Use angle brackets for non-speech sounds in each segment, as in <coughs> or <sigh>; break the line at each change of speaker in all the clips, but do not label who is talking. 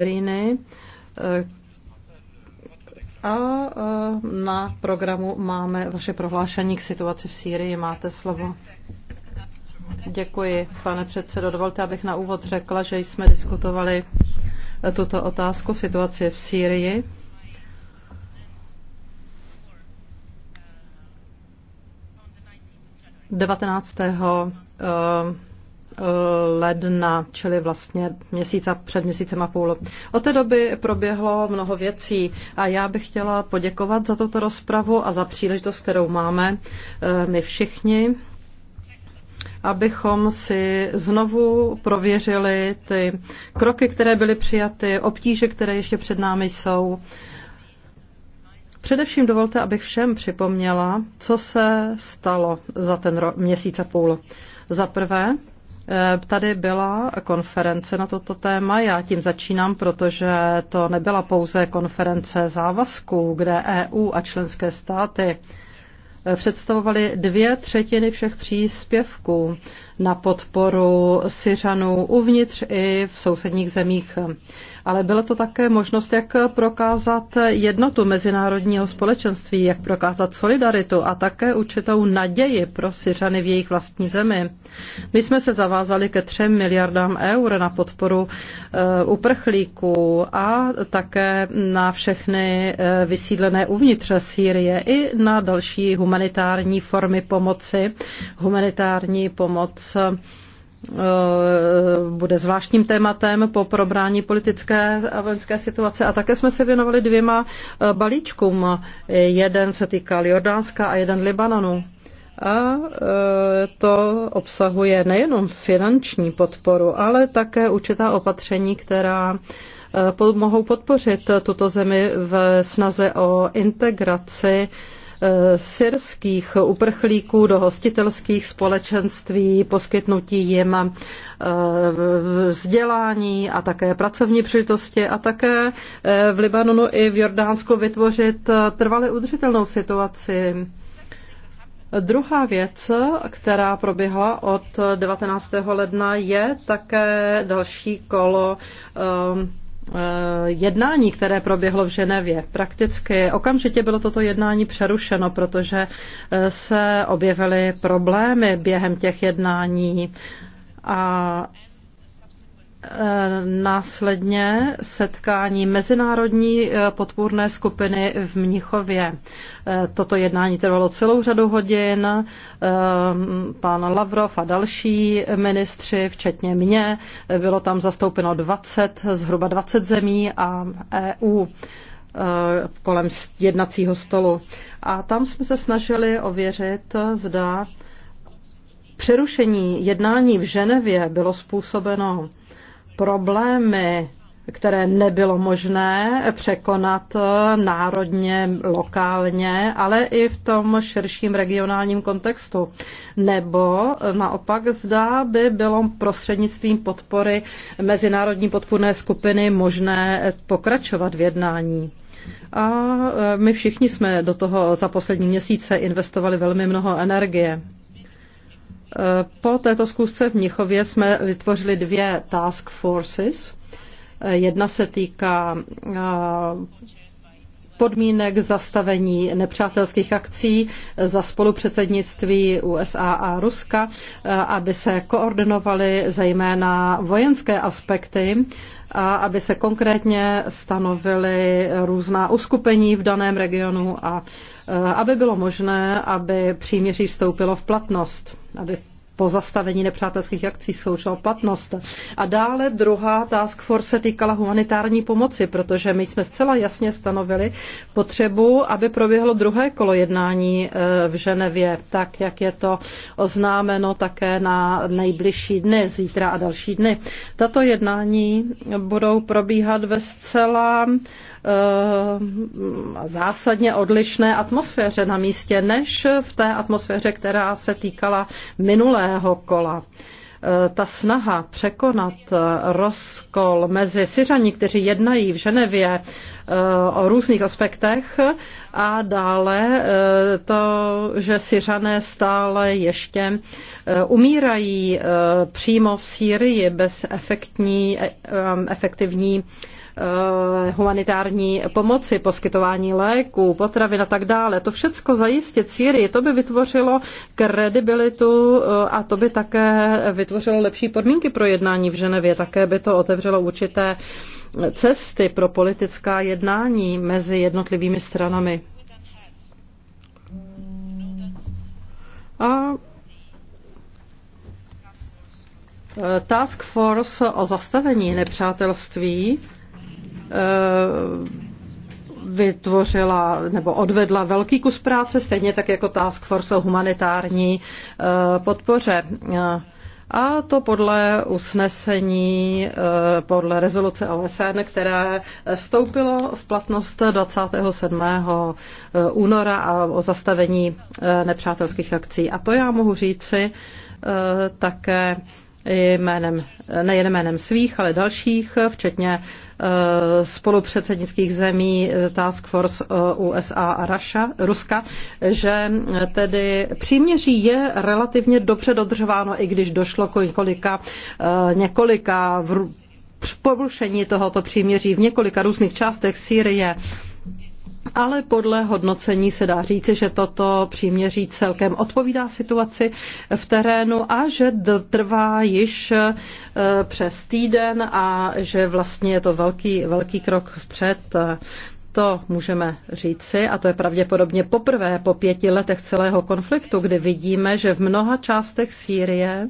Riny eh, a eh, na programu máme vaše prohlášení k situaci v Sýrii. Máte slovo. Děkuji, pane předsedo. Dovolte, abych na úvod řekla, že jsme diskutovali eh, tuto otázku situaci v Sýrii. Devatenáctého ledna, čili vlastně měsíca, před měsícem a půl. Od té doby proběhlo mnoho věcí a já bych chtěla poděkovat za tuto rozpravu a za příležitost, kterou máme eh, my všichni, abychom si znovu prověřili ty kroky, které byly přijaty, obtíže, které ještě před námi jsou. Především dovolte, abych všem připomněla, co se stalo za ten měsíc a půl. Za prvé, Eh, tady byla konference na toto téma. Já tím začínám, protože to nebyla pouze konference závazků, kde EU a členské státy eh, představovaly dvě třetiny všech příspěvků na podporu Syřanů uvnitř i v sousedních zemích. Ale byla to také možnost, jak prokázat jednotu mezinárodního společenství, jak prokázat solidaritu a také určitou naději pro Syřany v jejich vlastní zemi. My jsme se zavázali ke třem miliardám eur na podporu eh, uprchlíků a také na všechny eh, vysídlené uvnitř Sýrie i na další humanitární formy pomoci, humanitární pomoc nás eh, bude zvláštním tématem po probrání politické a vojenské situace. A také jsme se věnovali dvěma eh, balíčkům. Jeden se týkal Jordánska a jeden Libanonu. A eh, to obsahuje nejenom finanční podporu, ale také určitá opatření, která mohou podpořit tuto zemi v snaze o integraci Eh, syrských uprchlíků do hostitelských společenství, poskytnutí jim eh, vzdělání a také pracovní příležitosti a také eh, v Libanonu i v Jordánsku vytvořit trvale udržitelnou situaci. Druhá věc, která proběhla od 19. ledna, je také další kolo um, Eh, jednání, které proběhlo v Ženevě. Prakticky okamžitě bylo toto jednání přerušeno, protože eh, se objevily problémy během těch jednání a Eh, následně setkání mezinárodní eh, podpůrné skupiny v Mnichově. Eh, toto jednání trvalo celou řadu hodin. Pán Lavrov a další ministři, včetně mě, bylo tam zastoupeno 20, zhruba 20 zemí a EU kolem jednacího stolu. A tam jsme se snažili ověřit, zda Přerušení jednání v Ženevě bylo způsobeno problémy, které nebylo možné překonat národně, lokálně, ale i v tom širším regionálním kontextu. Nebo naopak zdá by bylo prostřednictvím podpory mezinárodní podpůrné skupiny možné pokračovat v jednání. A e, my všichni jsme do toho za poslední měsíce investovali velmi mnoho energie. Eh, po této zkusce v Mnichově jsme vytvořili dvě task forces. Eh, jedna se týká eh, podmínek zastavení nepřátelských akcí za spolupředsednictví USA a Ruska, aby se koordinovaly zejména vojenské aspekty a aby se konkrétně stanovily různá uskupení v daném regionu a Eh, aby bylo možné, aby příměří vstoupilo v platnost, aby pozastavení nepřátelských akcí zkoušel platnost. A dále druhá task force se týkala humanitární pomoci, protože my jsme zcela jasně stanovili potřebu, aby proběhlo druhé kolo jednání eh, v Ženevě, tak jak je to oznámeno také na nejbližší dny, zítra a další dny. Tato jednání budou probíhat ve zcela Eh, zásadně odlišné atmosféře na místě, než v té atmosféře, která se týkala minulého kola eh, ta snaha překonat rozkol mezi Syřani, kteří jednají v Ženevě eh, o různých aspektech a dále to, že Syřané stále ještě umírají přímo v Sýrii bez efektní, efektivní Eh, humanitární pomoci, poskytování léků, potravin a tak dále. To všecko zajistit Syrii, to by vytvořilo kredibilitu eh, a to by také vytvořilo lepší podmínky pro jednání v Ženevě. Také by to otevřelo určité cesty pro politická jednání mezi jednotlivými stranami. A eh, Task Force o zastavení nepřátelství Eh, vytvořila nebo odvedla velký kus práce, stejně tak jako Task Force o humanitární eh, podpoře. Eh, a to podle usnesení, podle rezoluce OSN, které vstoupilo v platnost 27. února a o zastavení nepřátelských akcí. A to já mohu říci také jménem, nejen jménem svých, ale dalších, včetně Eh, spolupředsednických zemí eh, Task Force eh, USA a Russia, Ruska, že tedy příměří je relativně dobře dodržováno, i když došlo k několika, několika v porušení tohoto příměří v několika různých částech Sýrie ale podle hodnocení se dá říci, že toto příměří celkem odpovídá situaci v terénu a že trvá již eh, přes týden a že vlastně je to velký, velký krok vpřed to můžeme říci, a to je pravděpodobně poprvé po pěti letech celého konfliktu, kdy vidíme, že v mnoha částech Sýrie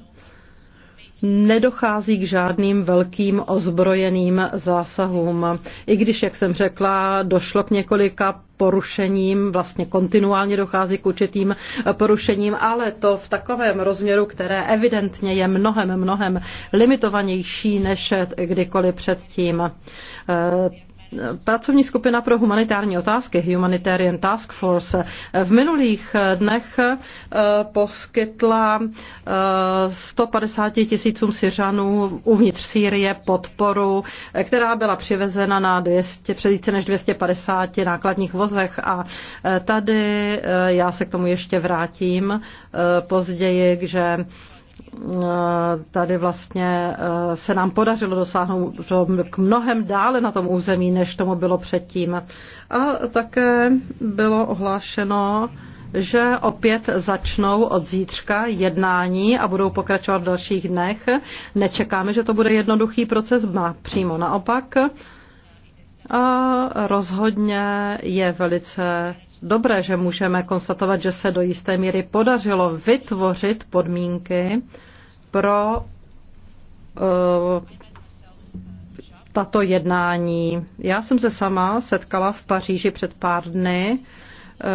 nedochází k žádným velkým ozbrojeným zásahům. I když, jak jsem řekla, došlo k několika porušením, vlastně kontinuálně dochází k určitým porušením, ale to v takovém rozměru, které evidentně je mnohem, mnohem limitovanější než kdykoliv předtím. Pracovní skupina pro humanitární otázky, Humanitarian Task Force, v minulých dnech eh, poskytla 150 eh, tisícům Syřanů uvnitř Sýrie podporu, eh, která byla přivezena na 200, před více než 250 nákladních vozech. A tady já se k tomu ještě vrátím později, že tady vlastně eh, se nám podařilo dosáhnout k mnohem dále na tom území, než tomu bylo předtím. A také bylo ohlášeno, že opět začnou od zítřka jednání a budou pokračovat v dalších dnech. Nečekáme, že to bude jednoduchý proces, má přímo naopak. A rozhodně je velice dobré, že můžeme konstatovat, že se do jisté míry podařilo vytvořit podmínky pro eh, tato jednání. Já jsem se sama setkala v Paříži před pár dny, eh,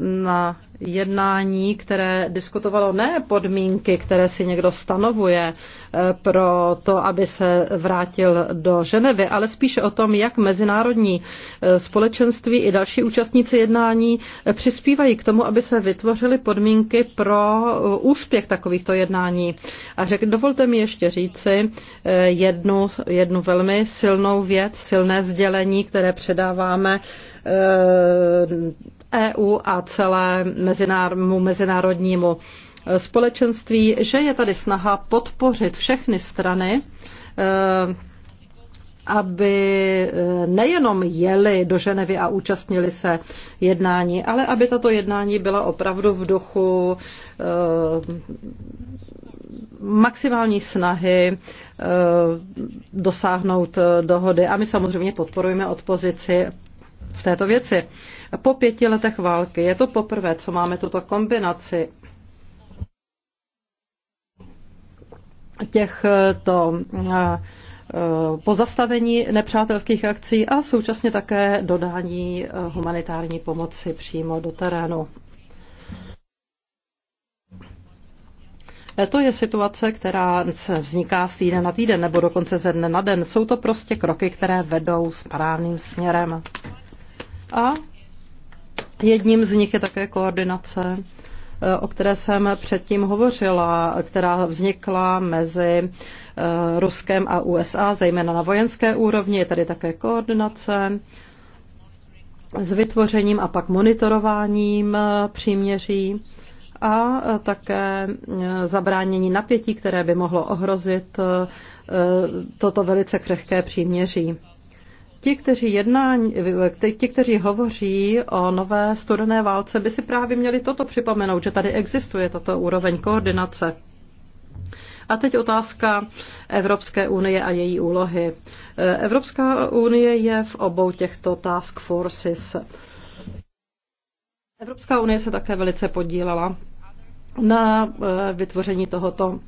na jednání, které diskutovalo ne podmínky, které si někdo stanovuje eh, pro to, aby se vrátil do Ženevy, ale spíše o tom, jak mezinárodní eh, společenství i další účastníci jednání eh, přispívají k tomu, aby se vytvořily podmínky pro úspěch takovýchto jednání. A řek, dovolte mi ještě říci jednu, jednu velmi silnou věc, silné sdělení, které předáváme EU a celému mezinárodnímu e, společenství, že je tady snaha podpořit všechny strany, e, aby e, nejenom jeli do Ženevy a účastnili se jednání, ale aby tato jednání byla opravdu v duchu maximální snahy dosáhnout dohody. A my samozřejmě podporujeme odpozici v této věci po pěti letech války. Je to poprvé, co máme tuto kombinaci těchto eh, eh, pozastavení nepřátelských akcí a současně také dodání eh, humanitární pomoci přímo do terénu. To je situace, která vzniká z týdne na týden nebo dokonce ze dne na den. Jsou to prostě kroky, které vedou správným směrem. A Jedním z nich je také koordinace, eh, o které jsem předtím hovořila, která vznikla mezi eh, Ruskem a USA, zejména na vojenské úrovni. Je tady také koordinace s vytvořením a pak monitorováním eh, příměří a také zabránění napětí, které by mohlo ohrozit toto velice křehké příměří. Ti, kteří, jedná, eh, ti, kteří hovoří o nové studené válce, by si právě měli toto připomenout, že tady existuje tato úroveň koordinace. A teď otázka Evropské unie a její úlohy. Eh, Evropská unie je v obou těchto task forces. Evropská unie se také velice podílela na eh, vytvoření tohoto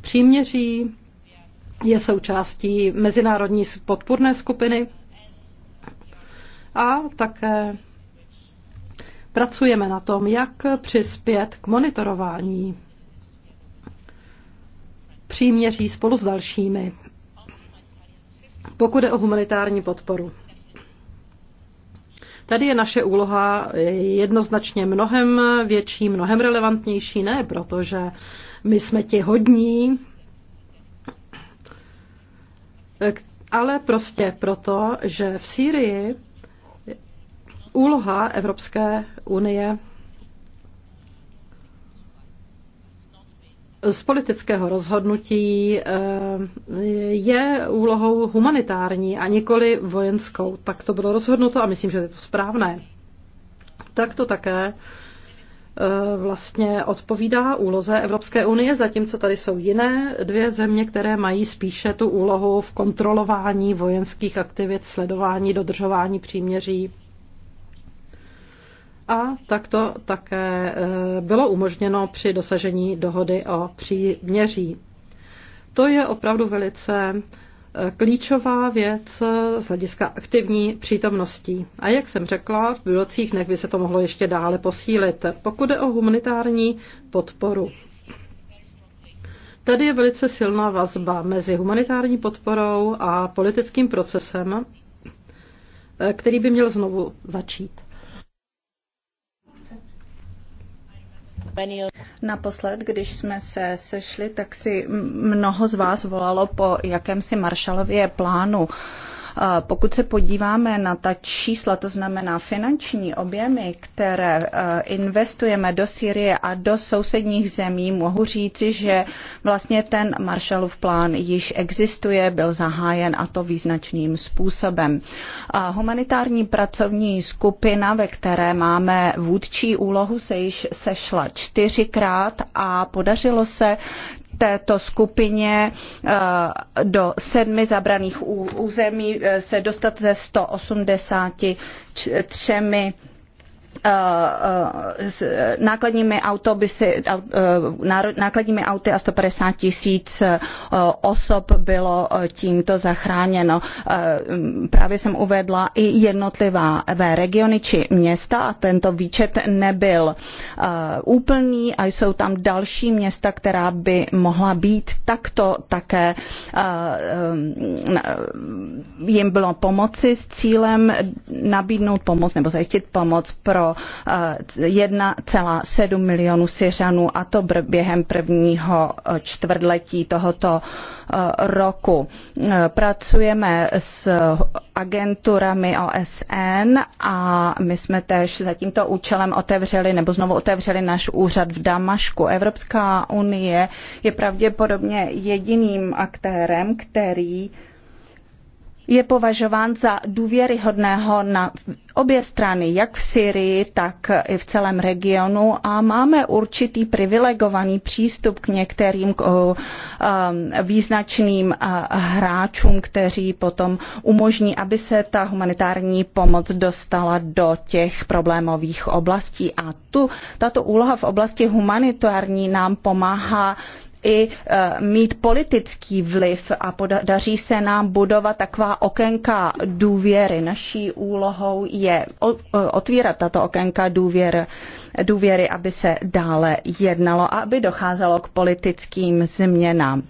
příměří je součástí mezinárodní podpůrné skupiny a také pracujeme na tom, jak přispět k monitorování příměří spolu s dalšími, pokud je o humanitární podporu. Tady je naše úloha jednoznačně mnohem větší, mnohem relevantnější, ne protože my jsme ti hodní, ale prostě proto, že v Sýrii úloha Evropské unie z politického rozhodnutí eh, je úlohou humanitární a nikoli vojenskou. Tak to bylo rozhodnuto a myslím, že je to správné. Tak to také Eh, vlastně odpovídá úloze Evropské unie, zatímco tady jsou jiné dvě země, které mají spíše tu úlohu v kontrolování vojenských aktivit, sledování, dodržování příměří. A tak to také eh, bylo umožněno při dosažení dohody o příměří. To je opravdu velice klíčová věc z hlediska aktivní přítomnosti. A jak jsem řekla, v budoucích dnech by se to mohlo ještě dále posílit, pokud je o humanitární podporu. Tady je velice silná vazba mezi humanitární podporou a politickým procesem, který by měl znovu začít.
Naposled, když jsme se sešli, tak si mnoho z vás volalo po jakémsi Marshallově plánu. Uh, pokud se podíváme na ta čísla, to znamená finanční objemy, které e, investujeme do Syrie a do sousedních zemí, mohu říci, že vlastně ten Marshallův plán již existuje, byl zahájen a to význačným způsobem. Humanitární pracovní skupina, ve které máme vůdčí úlohu, se již sešla čtyřikrát a podařilo se této skupině eh, do sedmi zabraných území eh, se dostat ze 183 Eh, eh, s nákladními, autobusy, eh, nákladními auty a 150 tisíc osob bylo tímto zachráněno. Právě jsem uvedla i jednotlivá regiony či města a tento výčet nebyl úplný a jsou tam další města, která by mohla být takto také jim bylo pomoci s cílem nabídnout pomoc nebo zajistit pomoc pro bylo eh, 1,7 milionů Syřanů a to během prvního eh, čtvrtletí tohoto eh, roku. Pracujeme s agenturami OSN a my jsme též za tímto účelem otevřeli nebo znovu otevřeli náš úřad v Damašku. Evropská unie je pravděpodobně jediným aktérem, který je považován za důvěryhodného na obě strany, jak v Syrii, tak i v celém regionu a máme určitý privilegovaný přístup k některým um, význačným uh, hráčům, kteří potom umožní, aby se ta humanitární pomoc dostala do těch problémových oblastí. A tu, tato úloha v oblasti humanitární nám pomáhá i e, mít politický vliv a daří se nám budovat taková okénka důvěry. Naší úlohou je e, otvírat tato okénka důvěry důvěry, aby se dále jednalo a aby docházelo k politickým změnám.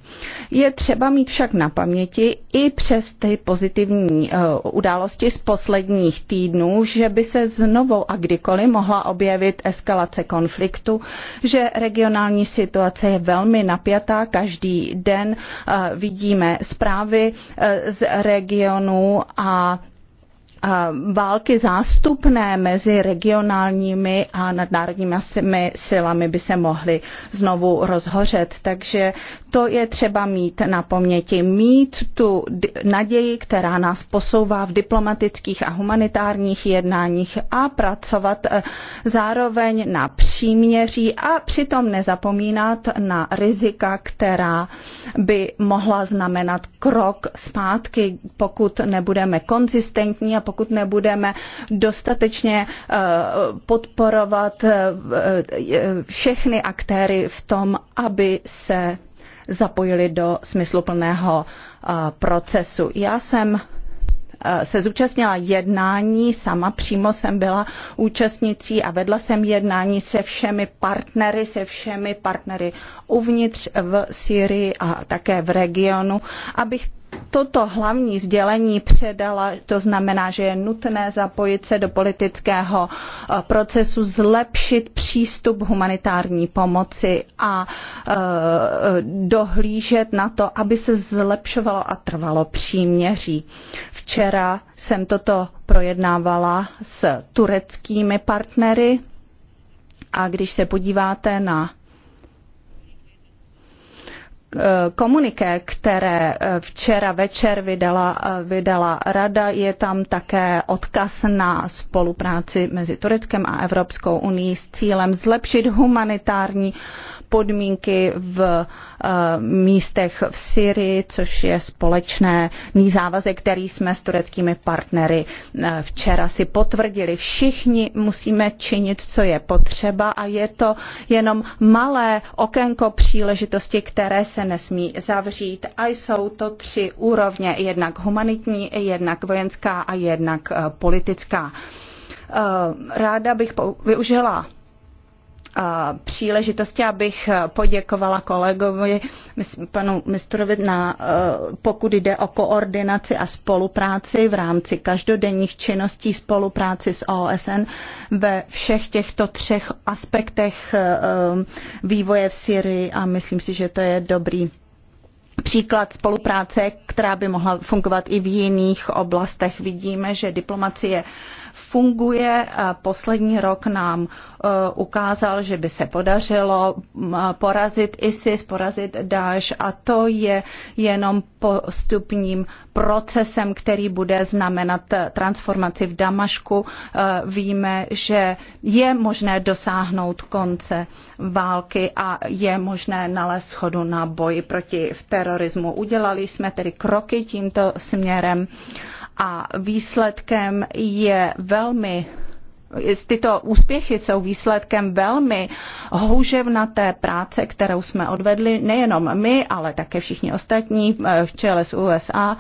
Je třeba mít však na paměti i přes ty pozitivní eh, události z posledních týdnů, že by se znovu a kdykoliv mohla objevit eskalace konfliktu, že regionální situace je velmi napjatá. Každý den eh, vidíme zprávy eh, z regionu a války zástupné mezi regionálními a nadnárodními silami by se mohly znovu rozhořet. Takže to je třeba mít na paměti, mít tu naději, která nás posouvá v diplomatických a humanitárních jednáních a pracovat eh, zároveň na příměří a přitom nezapomínat na rizika, která by mohla znamenat krok zpátky, pokud nebudeme konzistentní a pokud pokud nebudeme dostatečně eh, podporovat eh, eh, všechny aktéry v tom, aby se zapojili do smysluplného procesu. Já jsem se zúčastnila jednání, sama přímo jsem byla účastnicí a vedla jsem jednání se všemi partnery, se všemi partnery uvnitř v Syrii a také v regionu, abych toto hlavní sdělení předala, to znamená, že je nutné zapojit se do politického eh, procesu, zlepšit přístup humanitární pomoci a eh, dohlížet na to, aby se zlepšovalo a trvalo příměří. Včera jsem toto projednávala s tureckými partnery a když se podíváte na Eh, komuniké, které eh, včera večer vydala, eh, vydala rada, je tam také odkaz na spolupráci mezi Tureckem a Evropskou unii s cílem zlepšit humanitární podmínky v eh, místech v Syrii, což je společné závazek, který jsme s tureckými partnery eh, včera si potvrdili. Všichni musíme činit, co je potřeba a je to jenom malé okénko příležitosti, které se nesmí zavřít. A jsou to tři úrovně, jednak humanitní, jednak vojenská a jednak eh, politická. Ráda bych využila příležitosti, abych e, poděkovala kolegovi panu Mistrovi, na, e, pokud jde o koordinaci a spolupráci v rámci každodenních činností spolupráci s OSN ve všech těchto třech aspektech e, vývoje v Syrii a myslím si, že to je dobrý příklad spolupráce, která by mohla fungovat i v jiných oblastech. Vidíme, že diplomacie je funguje. Poslední rok nám e, ukázal, že by se podařilo porazit ISIS, porazit Daesh a to je jenom postupním procesem, který bude znamenat e, transformaci v Damašku. E, víme, že je možné dosáhnout konce války a je možné nalézt schodu na boji proti terorismu. Udělali jsme tedy kroky tímto směrem. Uh, a výsledkem je velmi tyto úspěchy jsou výsledkem velmi houževnaté práce, kterou jsme odvedli nejenom my, ale také všichni ostatní eh, v čele z USA.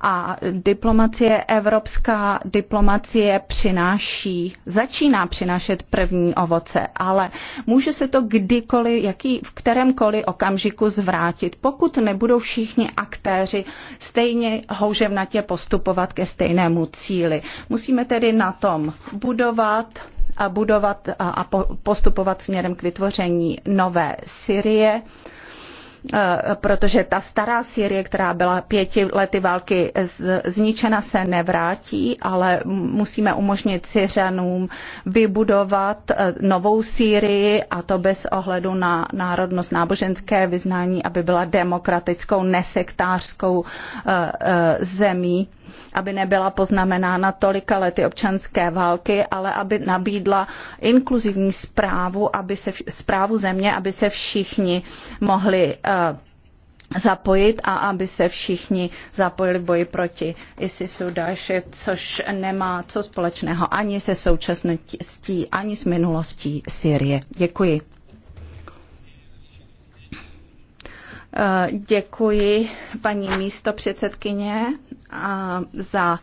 A diplomacie, evropská diplomacie přináší, začíná přinášet první ovoce, ale může se to kdykoliv, jaký, v kterémkoliv okamžiku zvrátit, pokud nebudou všichni aktéři stejně houževnatě postupovat ke stejnému cíli. Musíme tedy na tom budovat budovat a budovat a postupovat směrem k vytvoření nové Syrie e, protože ta stará Syrie, která byla pěti lety války zničena, se nevrátí, ale musíme umožnit Syřanům vybudovat e, novou Syrii a to bez ohledu na národnost náboženské vyznání, aby byla demokratickou, nesektářskou e, zemí aby nebyla poznamenána tolika lety občanské války, ale aby nabídla inkluzivní zprávu, aby se, zprávu země, aby se všichni mohli uh, zapojit a aby se všichni zapojili v boji proti ISISu Daeši, což nemá co společného ani se současností, ani s minulostí Syrie. Děkuji. Eh, děkuji paní místo předsedkyně za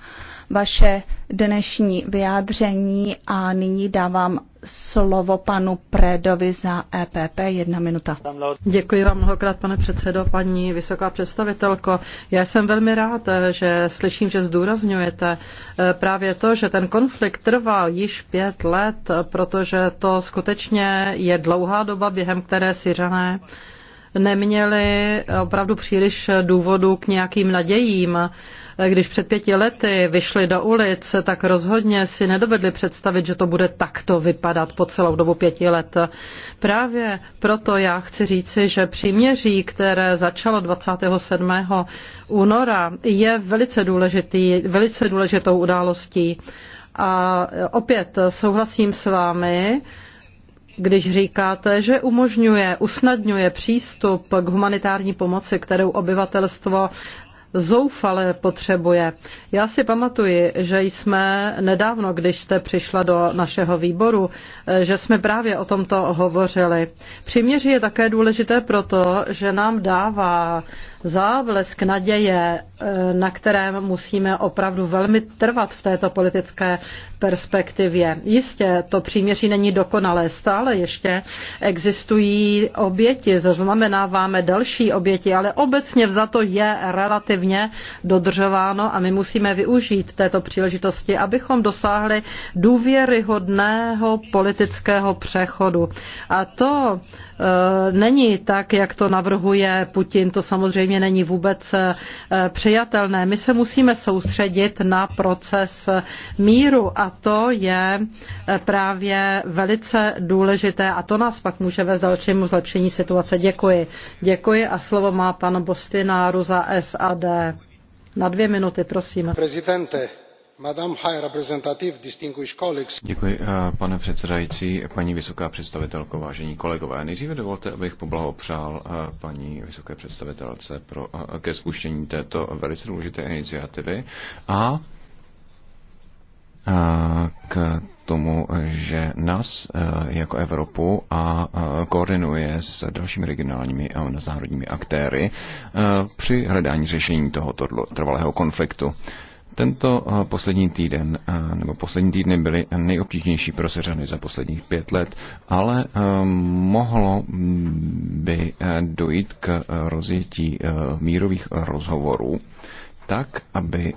vaše dnešní vyjádření a nyní dávám slovo panu Predovi za EPP. Jedna minuta. Děkuji vám mnohokrát, pane
předsedo, paní vysoká představitelko. Já jsem velmi rád, že slyším, že zdůrazňujete eh, právě to, že ten konflikt trval již pět let, protože to skutečně je dlouhá doba, během které Syřané neměli opravdu příliš důvodu k nějakým nadějím když před pěti lety vyšli do ulic, tak rozhodně si nedovedli představit, že to bude takto vypadat po celou dobu pěti let. Právě proto já chci říci, že příměří, které začalo 27. února, je velice, důležitý, velice důležitou událostí. A opět souhlasím s vámi, když říkáte, že umožňuje, usnadňuje přístup k humanitární pomoci, kterou obyvatelstvo zoufale potřebuje. Já si pamatuji, že jsme nedávno, když jste přišla do našeho výboru, eh, že jsme právě o tomto hovořili. Příměří je také důležité proto, že nám dává závlesk naděje na kterém musíme opravdu velmi trvat v této politické perspektivě. Jistě to příměří není dokonalé, stále ještě existují oběti, zaznamenáváme další oběti, ale obecně za to je relativně dodržováno a my musíme využít této příležitosti, abychom dosáhli důvěryhodného politického přechodu. A to Eh, není tak, jak to navrhuje Putin. To samozřejmě není vůbec eh, přijatelné. My se musíme soustředit na proces míru a to je eh, právě velice důležité a to nás pak může vést dalšímu zlepšení situace. Děkuji. Děkuji a slovo má pan Bostináru za SAD. Na dvě minuty, prosím. Prezidente.
Děkuji, eh, pane předsedající, paní vysoká představitelko, vážení kolegové. Nejdříve dovolte, abych poblahopřál eh, paní vysoké představitelce pro, eh, ke spuštění této velice důležité iniciativy a k tomu, že nás jako Evropu a koordinuje s dalšími regionálními a nadnárodními aktéry při hledání řešení tohoto trvalého konfliktu. Tento eh, poslední týden, eh, nebo poslední týdny byly nejobtížnější pro seřany za posledních pět let, ale eh, mohlo mm, by dojít k rozjetí mírových rozhovorů tak, aby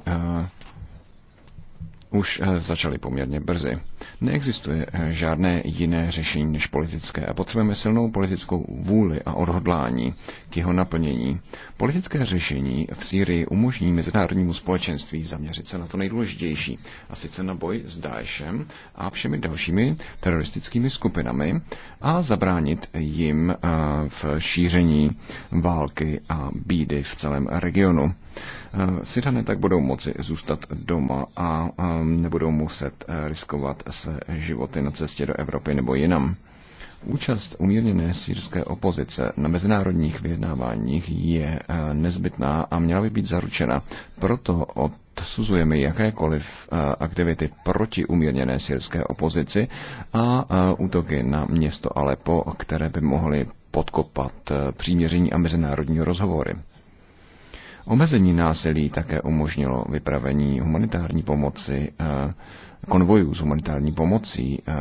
už začaly poměrně brzy. Neexistuje eh, žádné jiné řešení než politické a potřebujeme silnou politickou vůli a odhodlání k jeho naplnění. Politické řešení v Sýrii umožní mezinárodnímu společenství zaměřit se na to nejdůležitější, a sice na boj s Daeshem a všemi dalšími teroristickými skupinami a zabránit jim eh, v šíření války a bídy v celém regionu. Eh, Syrané tak budou moci zůstat doma a nebudou muset riskovat své životy na cestě do Evropy nebo jinam. Účast umírněné sírské opozice na mezinárodních vyjednáváních je eh, nezbytná a měla by být zaručena. Proto odsuzujeme jakékoliv eh, aktivity proti umírněné sírské opozici a eh, útoky na město Alepo, které by mohly podkopat příměření a mezinárodní rozhovory. Omezení násilí také umožnilo vypravení humanitární pomoci konvojů s humanitární pomocí eh,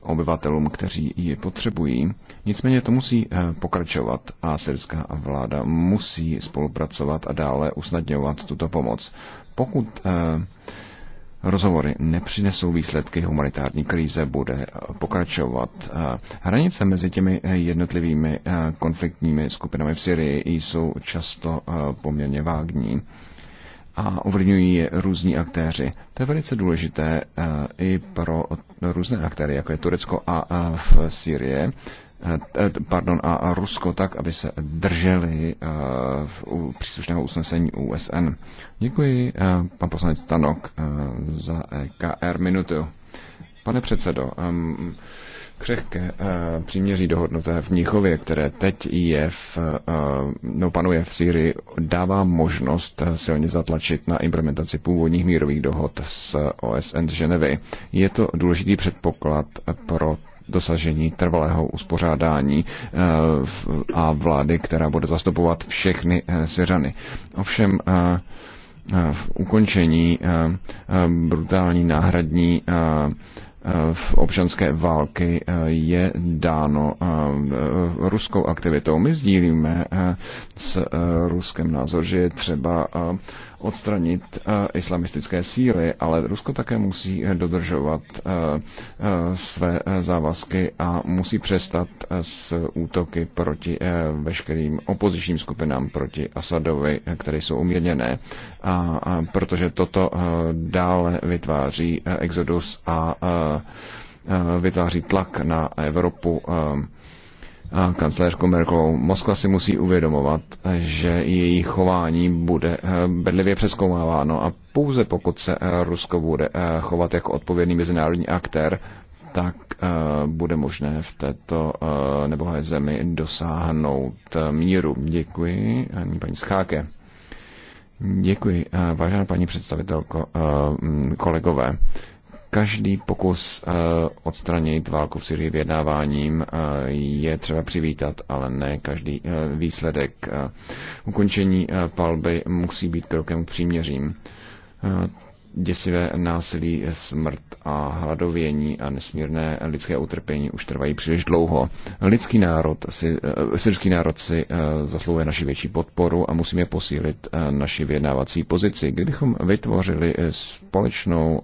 obyvatelům, kteří ji potřebují. Nicméně to musí eh, pokračovat a syrská vláda musí spolupracovat a dále usnadňovat tuto pomoc. Pokud eh, rozhovory nepřinesou výsledky humanitární krize, bude pokračovat. Hranice mezi těmi jednotlivými konfliktními skupinami v Syrii jsou často poměrně vágní a ovlivňují je různí aktéři. To je velice důležité eh, i pro různé aktéry, jako je Turecko a eh, v Syrie, eh, pardon, a Rusko, tak, aby se drželi v příslušného usnesení USN. Děkuji, pan poslanec Tanok, za e KR minutu. Pane předsedo, ehm, křehké eh, příměří dohodnuté v Mnichově, které teď je v, eh, no, panuje v Syrii, dává možnost eh, silně zatlačit na implementaci původních mírových dohod s OSN z Ženevy. Je to důležitý předpoklad pro dosažení trvalého uspořádání a vlády, která bude zastupovat všechny Syřany. Ovšem v ukončení brutální náhradní v občanské války eh, je dáno eh, ruskou aktivitou. My sdílíme eh, s Ruskem názor, že je třeba odstranit eh, islamistické síly, ale Rusko také musí eh, dodržovat eh, své závazky a musí přestat s útoky proti veškerým opozičním skupinám proti Asadovi, které jsou uměněné, protože toto dále vytváří exodus a, vytváří tlak na Evropu a kancléřku Merkelovou. Moskva si musí uvědomovat, že její chování bude eh, bedlivě přeskoumáváno a pouze pokud se eh, Rusko bude eh, chovat jako odpovědný mezinárodní aktér, tak bude možné v této nebohé zemi dosáhnout míru. Děkuji, ani paní Scháke. Děkuji, vážená paní představitelko, kolegové. Každý pokus eh, odstranit válku v Syrii vyjednáváním eh, je třeba přivítat, ale ne každý eh, výsledek. Ukončení palby musí být krokem k příměřím. Děsivé násilí, smrt a hladovění a nesmírné lidské utrpení už trvají příliš dlouho. Lidský národ si, syrský národ si zasluhuje naši větší podporu a musíme posílit naši vyjednávací pozici. Kdybychom vytvořili společnou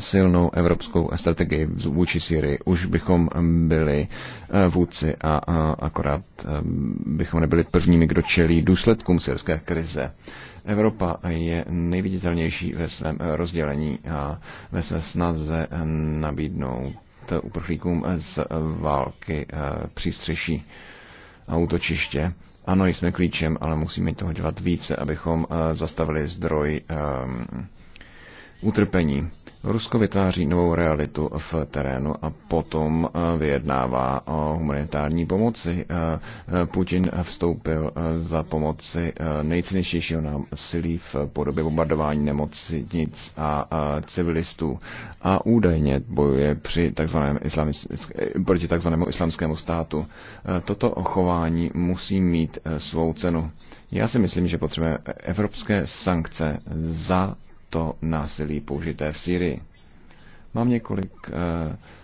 silnou evropskou strategii vůči Syrii. Už bychom byli eh, vůdci a akorát eh, bychom nebyli prvními, kdo čelí důsledkům syrské krize. Evropa je nejviditelnější ve svém eh, rozdělení a ve své snaze nabídnout uprchlíkům z války přístřeší a útočiště. Ano, jsme klíčem, ale musíme toho dělat více, abychom zastavili zdroj utrpení. Rusko vytváří novou realitu v terénu a potom eh, vyjednává o humanitární pomoci. Eh, eh, Putin vstoupil za pomoci nejcennějšího silí v podobě bombardování nemocnic a civilistů a údajně bojuje při takzvaném proti takzvanému islamskému státu. Toto chování musí mít svou cenu. Já si myslím, že potřebujeme evropské sankce za to násilí použité v Syrii. Mám několik uh,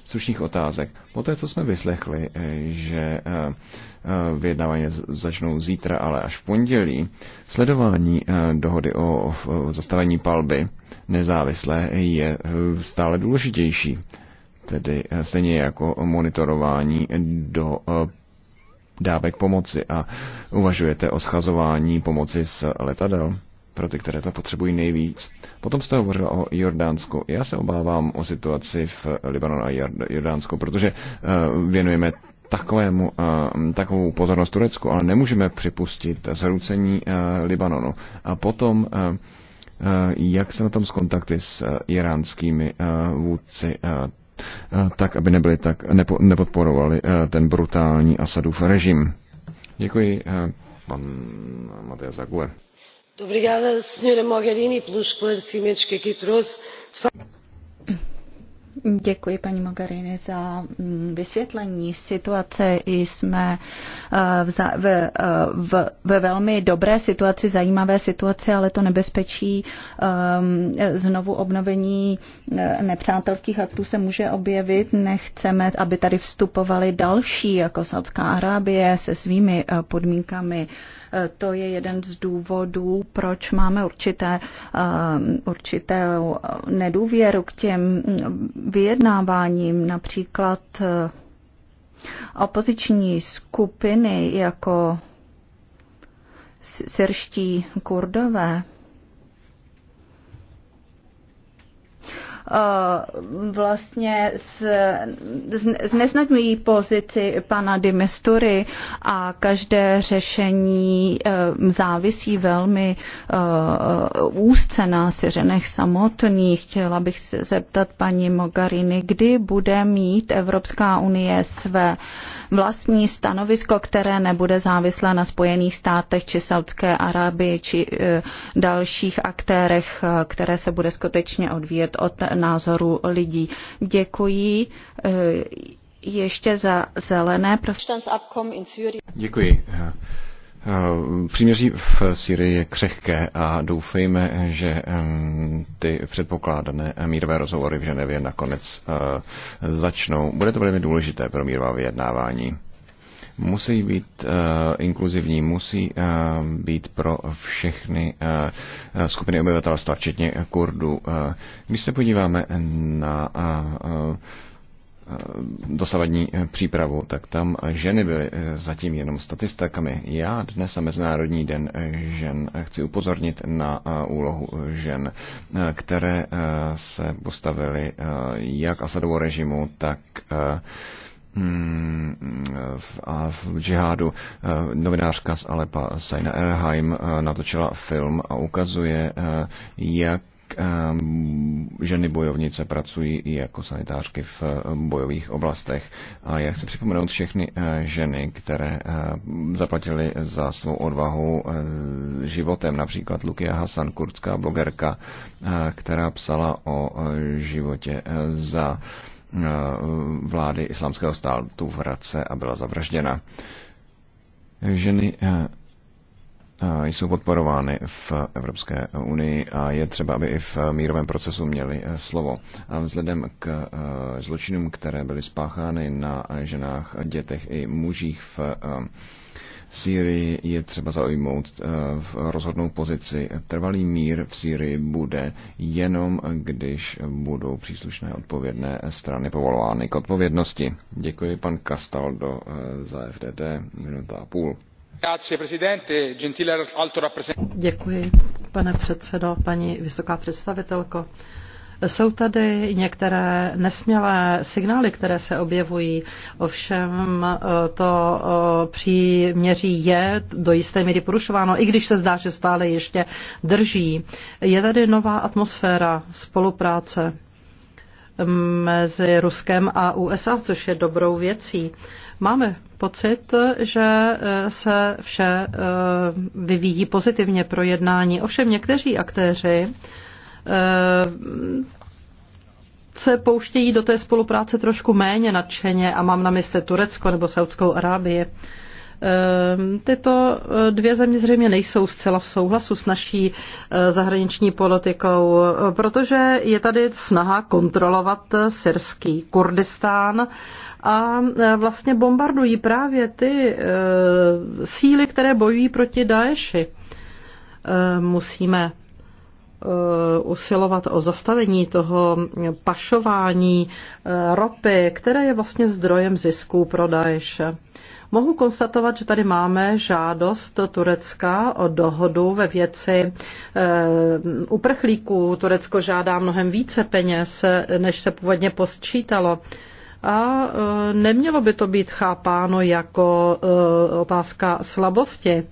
slušných otázek. Po té, co jsme vyslechli, eh, že uh, vyjednávání začnou zítra, ale až v pondělí, sledování uh, dohody o, o zastavení palby nezávislé je uh, stále důležitější. Tedy uh, stejně jako monitorování do uh, dávek pomoci a uvažujete o schazování pomoci z letadel pro ty, které to potřebují nejvíc. Potom jste hovořil o Jordánsku. Já se obávám o situaci v Libanonu a Jordánsku, protože eh, věnujeme takovému, eh, takovou pozornost Turecku, ale nemůžeme připustit zhroucení eh, Libanonu. A potom jak se na tom s kontakty s iránskými vůdci, tak aby nebyli tak, nepodporovali ten brutální Asadův režim. Děkuji, pan Matej Zague.
Děkuji paní Mogherini za mm, vysvětlení situace. Jsme eh, eh, v, ve velmi dobré situaci, zajímavé situaci, ale to nebezpečí ehm, znovu obnovení eh, nepřátelských aktů se může objevit. Nechceme, aby tady vstupovali další, jako Saudská Arábie se svými podmínkami. To je jeden z důvodů, proč máme určité, um, určité nedůvěru k těm vyjednáváním, například eh, opoziční skupiny jako syrští kurdové Eh, vlastně zneznačují pozici pana Dimestury a každé řešení eh, závisí velmi eh, úzce na Syřenech samotných. Chtěla bych se zeptat paní Mogariny, kdy bude mít Evropská unie své uh, vlastní stanovisko, které nebude závislé na Spojených státech či Saudské Arábii či e, dalších aktérech, e, které se bude skutečně odvíjet od názoru lidí. Děkuji e, ještě za zelené. Děkuji.
Eh, příměří v Syrii je křehké a doufejme, že ty předpokládané mírové rozhovory v Ženevě nakonec eh, začnou. Bude to velmi důležité pro mírová vyjednávání. Musí být eh, inkluzivní, musí být pro všechny skupiny obyvatelstva, včetně Kurdů. Když se podíváme na Eh, dosavadní eh, přípravu, tak tam ženy byly eh, zatím jenom statistikami. Já dnes a Mezinárodní den žen chci upozornit na úlohu žen, které se postavily jak Asadovo režimu, tak mm, v, a v džihádu novinářka z Alepa Sajna Erheim natočila film a ukazuje, jak Ehm, ženy bojovnice pracují i jako sanitářky v ehm, bojových oblastech. A já chci připomenout všechny eh, ženy, které ehm, zaplatily za svou odvahu eh, životem, například Lukia Hasan, kurdská blogerka, eh, která psala o životě za vlády islámského státu v Hradce a byla zavražděna. Ženy Eh, jsou podporovány v Evropské unii a je třeba, aby i v mírovém procesu měli eh, slovo. A vzhledem k eh, zločinům, které byly spáchány na ženách, dětech i mužích v Sýrii je třeba zaujmout v rozhodnou pozici. Trvalý mír v Sýrii bude jenom, když budou příslušné odpovědné strany povolovány k odpovědnosti. Děkuji pan Castaldo za FDD, minuta a půl.
Děkuji, pane předsedající paní vysoká představitelko. Jsou tady některé nesmělé signály, které se objevují, ovšem eh, to eh, příměří je do jisté míry porušováno, i když se zdá, že stále ještě drží. Je tady nová atmosféra spolupráce mm, mezi Ruskem a USA, což je dobrou věcí. Máme pocit, že eh, se vše eh, vyvíjí pozitivně pro jednání. Ovšem někteří aktéři eh, se pouštějí do té spolupráce trošku méně nadšeně a mám na mysli Turecko nebo Saudskou Arábii. Tyto dvě země zřejmě nejsou zcela v souhlasu s naší zahraniční politikou, protože je tady snaha kontrolovat syrský Kurdistán a e, vlastně bombardují právě ty e, síly, které bojují proti Daeši. E, musíme usilovat o zastavení toho pašování ropy, které je vlastně zdrojem zisků pro Daesh. Mohu konstatovat, že tady máme žádost Turecka o dohodu ve věci uprchlíků. Turecko žádá mnohem více peněz, než se původně posčítalo a e, nemělo by to být chápáno jako e, otázka slabosti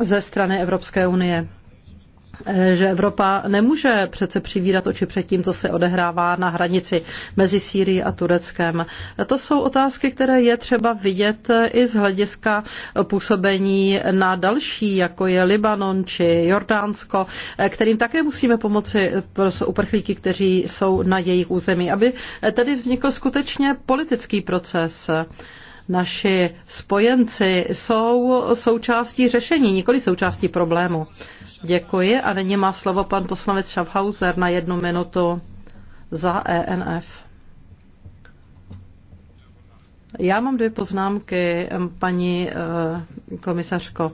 ze strany Evropské unie. Eh, že Evropa nemůže přece přivídat oči před tím, co se odehrává na hranici mezi Sýrií a Tureckem. To jsou otázky, které je třeba vidět eh, i z hlediska působení na další, jako je Libanon či Jordánsko, eh, kterým také musíme pomoci pro uprchlíky, kteří jsou na jejich území, aby tedy vznikl skutečně politický proces. Naši spojenci jsou součástí řešení, nikoli součástí problému. Děkuji a nyní má slovo pan poslanec Schaffhauser na jednu minutu za ENF. Já mám dvě poznámky, paní eh, komisařko.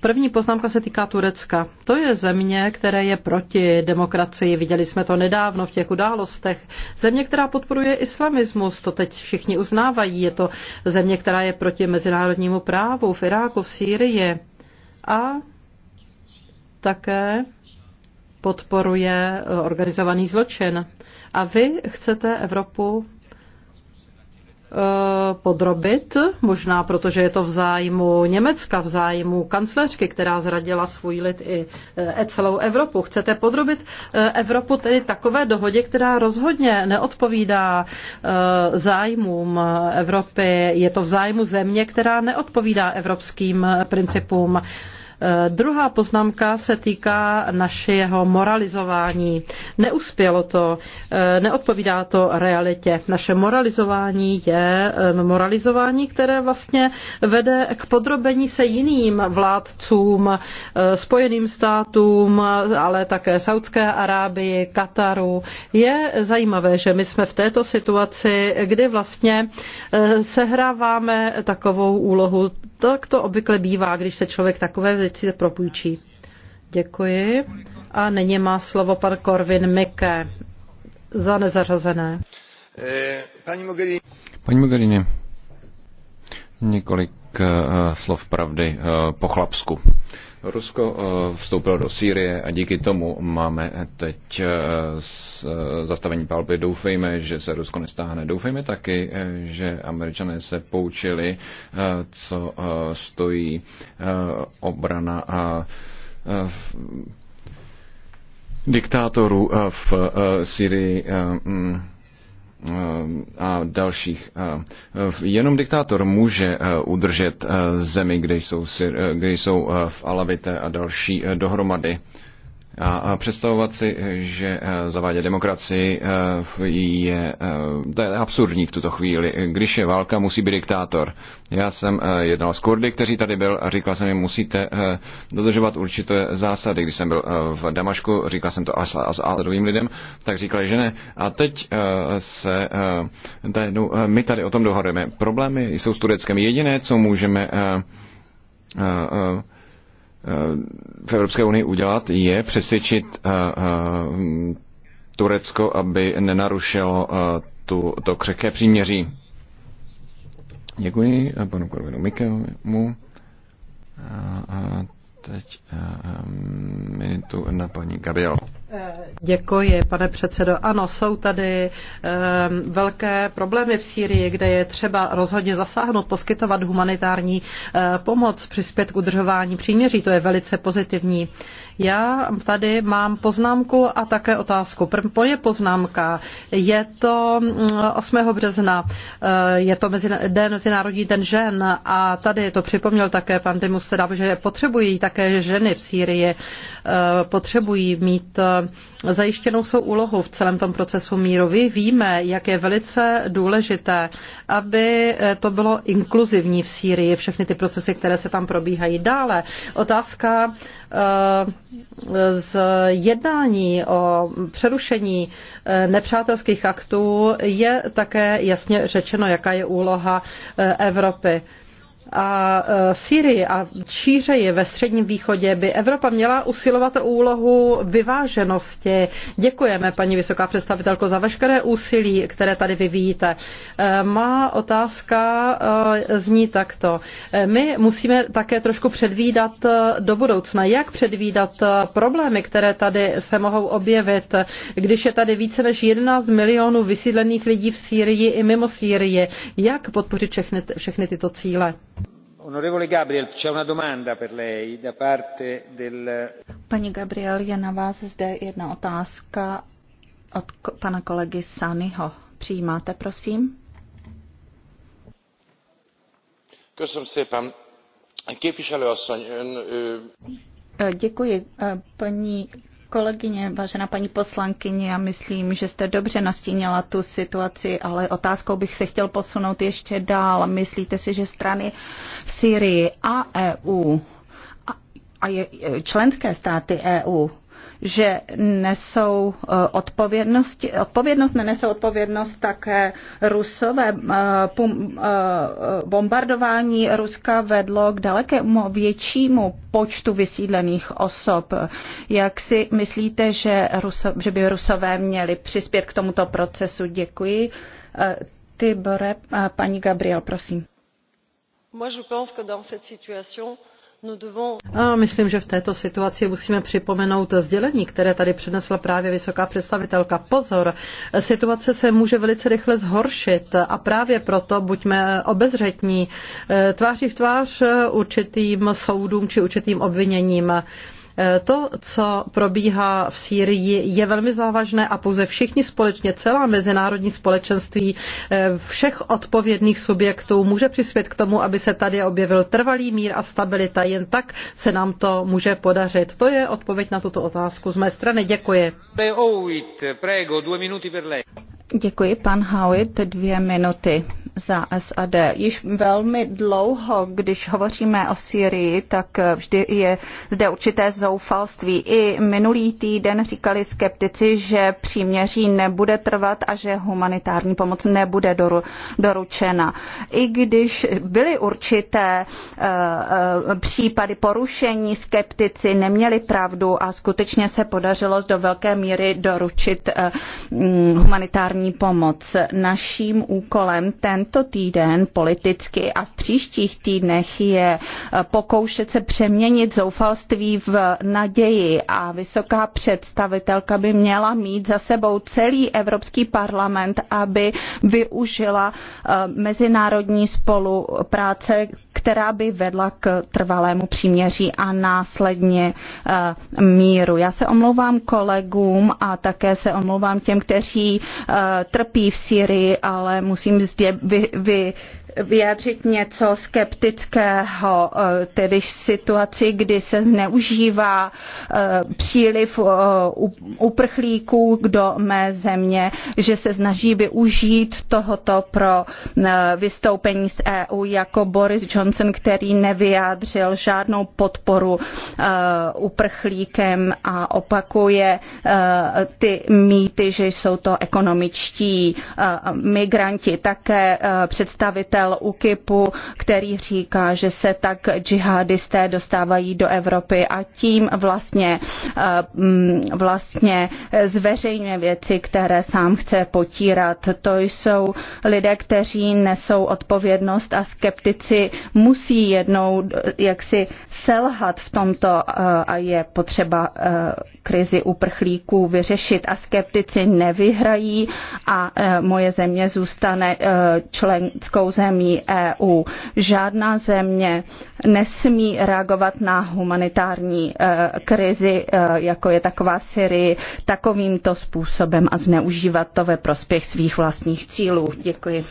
První poznámka se týká Turecka. To je země, které je proti demokracii. Viděli jsme to nedávno v těch událostech. Země, která podporuje islamismus, to teď všichni uznávají. Je to země, která je proti mezinárodnímu právu v Iráku, v Sýrii. A také podporuje organizovaný zločin. A vy chcete Evropu Eh, podrobit, možná protože je to v zájmu Německa, v zájmu kancléřky, která zradila svůj lid i eh, celou Evropu. Chcete podrobit eh, Evropu tedy takové dohodě, která rozhodně neodpovídá zájmům Evropy. Je to v zájmu země, která neodpovídá evropským principům. Eh, druhá poznámka se týká našeho moralizování. Neuspělo to, eh, neodpovídá to realitě. Naše moralizování je eh, no, moralizování, které vlastně vede k podrobení se jiným vládcům, Spojeným státům, ale také Saudské Arábii, Kataru. Je zajímavé, že my jsme v této situaci, kdy vlastně sehráváme takovou úlohu. Tak to obvykle bývá, když se člověk takové si propůjčí. Děkuji. A nyní má slovo pan Korvin Mike za nezařazené.
Eh, paní Mogherini. Paní
Mogherini, několik eh, slov pravdy eh, po chlapsku. Rusko eh, vstoupilo do Sýrie a díky tomu máme teď eh, eh, zastavení palby. Doufejme, že se Rusko nestáhne. Doufejme taky, že američané se poučili, co stojí obrana a diktátorů v Syrii mm, a dalších. Jenom diktátor může e, udržet e, zemi, kde jsou, e, kde jsou v Alavite a další dohromady. A představovat si, že eh, zavádět demokracii eh, je, eh, to je absurdní v tuto chvíli. Když je válka, musí být diktátor. Já jsem jednal s Kurdy, kteří tady byl a říkal jsem jim, musíte dodržovat určité zásady. Když jsem byl v Damašku, říkal jsem to s asadovým lidem, tak říkali, že ne. A teď se tady, no, my tady o tom dohodujeme. Problémy jsou s Tureckem. Jediné, co můžeme v Evropské unii udělat, je přesvědčit eh, eh, Turecko, aby nenarušilo eh, tu, to křehké příměří. Děkuji panu Korvinu Mikelmu teď eh, minutu na paní Gabriel.
Děkuji, pane předsedo. Ano, jsou tady eh, velké problémy v Sýrii, kde je třeba rozhodně zasáhnout, poskytovat humanitární eh, pomoc, přispět k udržování příměří. To je velice pozitivní. Já tady mám poznámku a také otázku. První poznámka je to 8. Mm, března, eh, je to den Mezinárodní den žen a tady to připomněl také pan Dimus, že potřebují také ženy v Sýrii, eh, potřebují mít eh, zajištěnou svou úlohu v celém tom procesu míru. Vy víme, jak je velice důležité, aby to bylo inkluzivní v Sýrii, všechny ty procesy, které se tam probíhají. Dále otázka Eh, z jednání o přerušení eh, nepřátelských aktů je také jasně řečeno, jaká je úloha eh, Evropy a e, v Sýrii a šířeji ve středním východě by Evropa měla usilovat o úlohu vyváženosti. Děkujeme, paní vysoká představitelko, za veškeré úsilí, které tady vyvíjíte. E, má otázka e, zní takto. My musíme také trošku předvídat do budoucna. Jak předvídat problémy, které tady se mohou objevit, když je tady více než 11 milionů vysídlených lidí v Sýrii i mimo Sýrii?
Jak podpořit všechny, všechny tyto cíle? Paní gabrielová je na vás zde jedna otázka od pana kolegy Sanyho. Přijímáte, prosím? Děkuji, paní Kolegyně, vážená paní poslankyně, já myslím, že jste dobře nastínila tu situaci, ale otázkou bych se chtěl posunout ještě dál. Myslíte si, že strany v Syrii a EU a je, členské státy EU že nesou eh, odpovědnost, odpovědnost nenesou odpovědnost také rusové. Eh, eh, bombardování Ruska vedlo k dalekému většímu počtu vysídlených osob. Jak si myslíte, že, Ruso, že by rusové měli přispět k tomuto procesu? Děkuji. Tybore, paní Gabriel, prosím.
Moi, je pense que dans cette situation, a myslím, že v této situaci musíme připomenout sdělení, které tady přinesla právě vysoká představitelka. Pozor, situace se může velice rychle zhoršit a právě proto buďme obezřetní eh, tváří v tvář eh, určitým soudům či určitým obviněním. To, co probíhá v Sýrii, je velmi závažné a pouze všichni společně, celá mezinárodní společenství eh, všech odpovědných subjektů může přispět k tomu, aby se tady objevil trvalý mír a stabilita. Jen tak se nám to může podařit. To je odpověď na tuto otázku. Z mé strany děkuji.
Děkuji, pan Howitt, dvě minuty za SAD. Již velmi dlouho, když hovoříme o Syrii, tak vždy je zde určité zoufalství. I minulý týden říkali skeptici, že příměří nebude trvat a že humanitární pomoc nebude doru, doručena. I když byly určité uh, uh, případy porušení, skeptici neměli pravdu a skutečně se podařilo do velké míry doručit uh, humanitární humanitární pomoc. Naším úkolem tento týden politicky a v příštích týdnech je eh, pokoušet se přeměnit zoufalství v naději a vysoká představitelka by měla mít za sebou celý Evropský parlament, aby využila eh, mezinárodní spolupráce která by vedla k trvalému příměří a následně eh, míru. Já se omlouvám kolegům a také se omlouvám těm, kteří eh, trpí v Syrii, ale musím zde vy, vy vyjádřit něco skeptického, eh, tedy situaci, kdy se zneužívá eh, příliv eh, uprchlíků do mé země, že se snaží využít tohoto pro vystoupení z EU jako Boris Johnson, který nevyjádřil žádnou podporu uprchlíkem a opakuje ty mýty, že jsou to ekonomičtí migranti. Také představitel ředitel UKIPu, který říká, že se tak džihadisté dostávají do Evropy a tím vlastně, eh, mm, vlastně zveřejňuje věci, které sám chce potírat. To jsou lidé, kteří nesou odpovědnost a skeptici musí jednou eh, jaksi selhat v tomto eh, a je potřeba krizi uprchlíků vyřešit a skeptici nevyhrají a e, moje země zůstane e, členskou zemí EU. Žádná země nesmí reagovat na humanitární e, krizi, jako je taková v Syrii, takovýmto způsobem a zneužívat to ve prospěch svých vlastních cílů. Děkuji.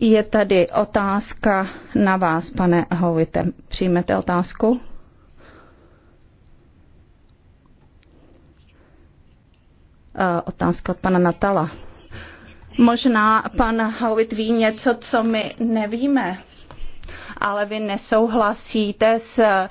Je tady otázka na vás, pane Hovite. Přijmete otázku? Eh, otázka od pana Natala. Možná pan Howitt ví něco, co my nevíme ale vy nesouhlasíte s eh,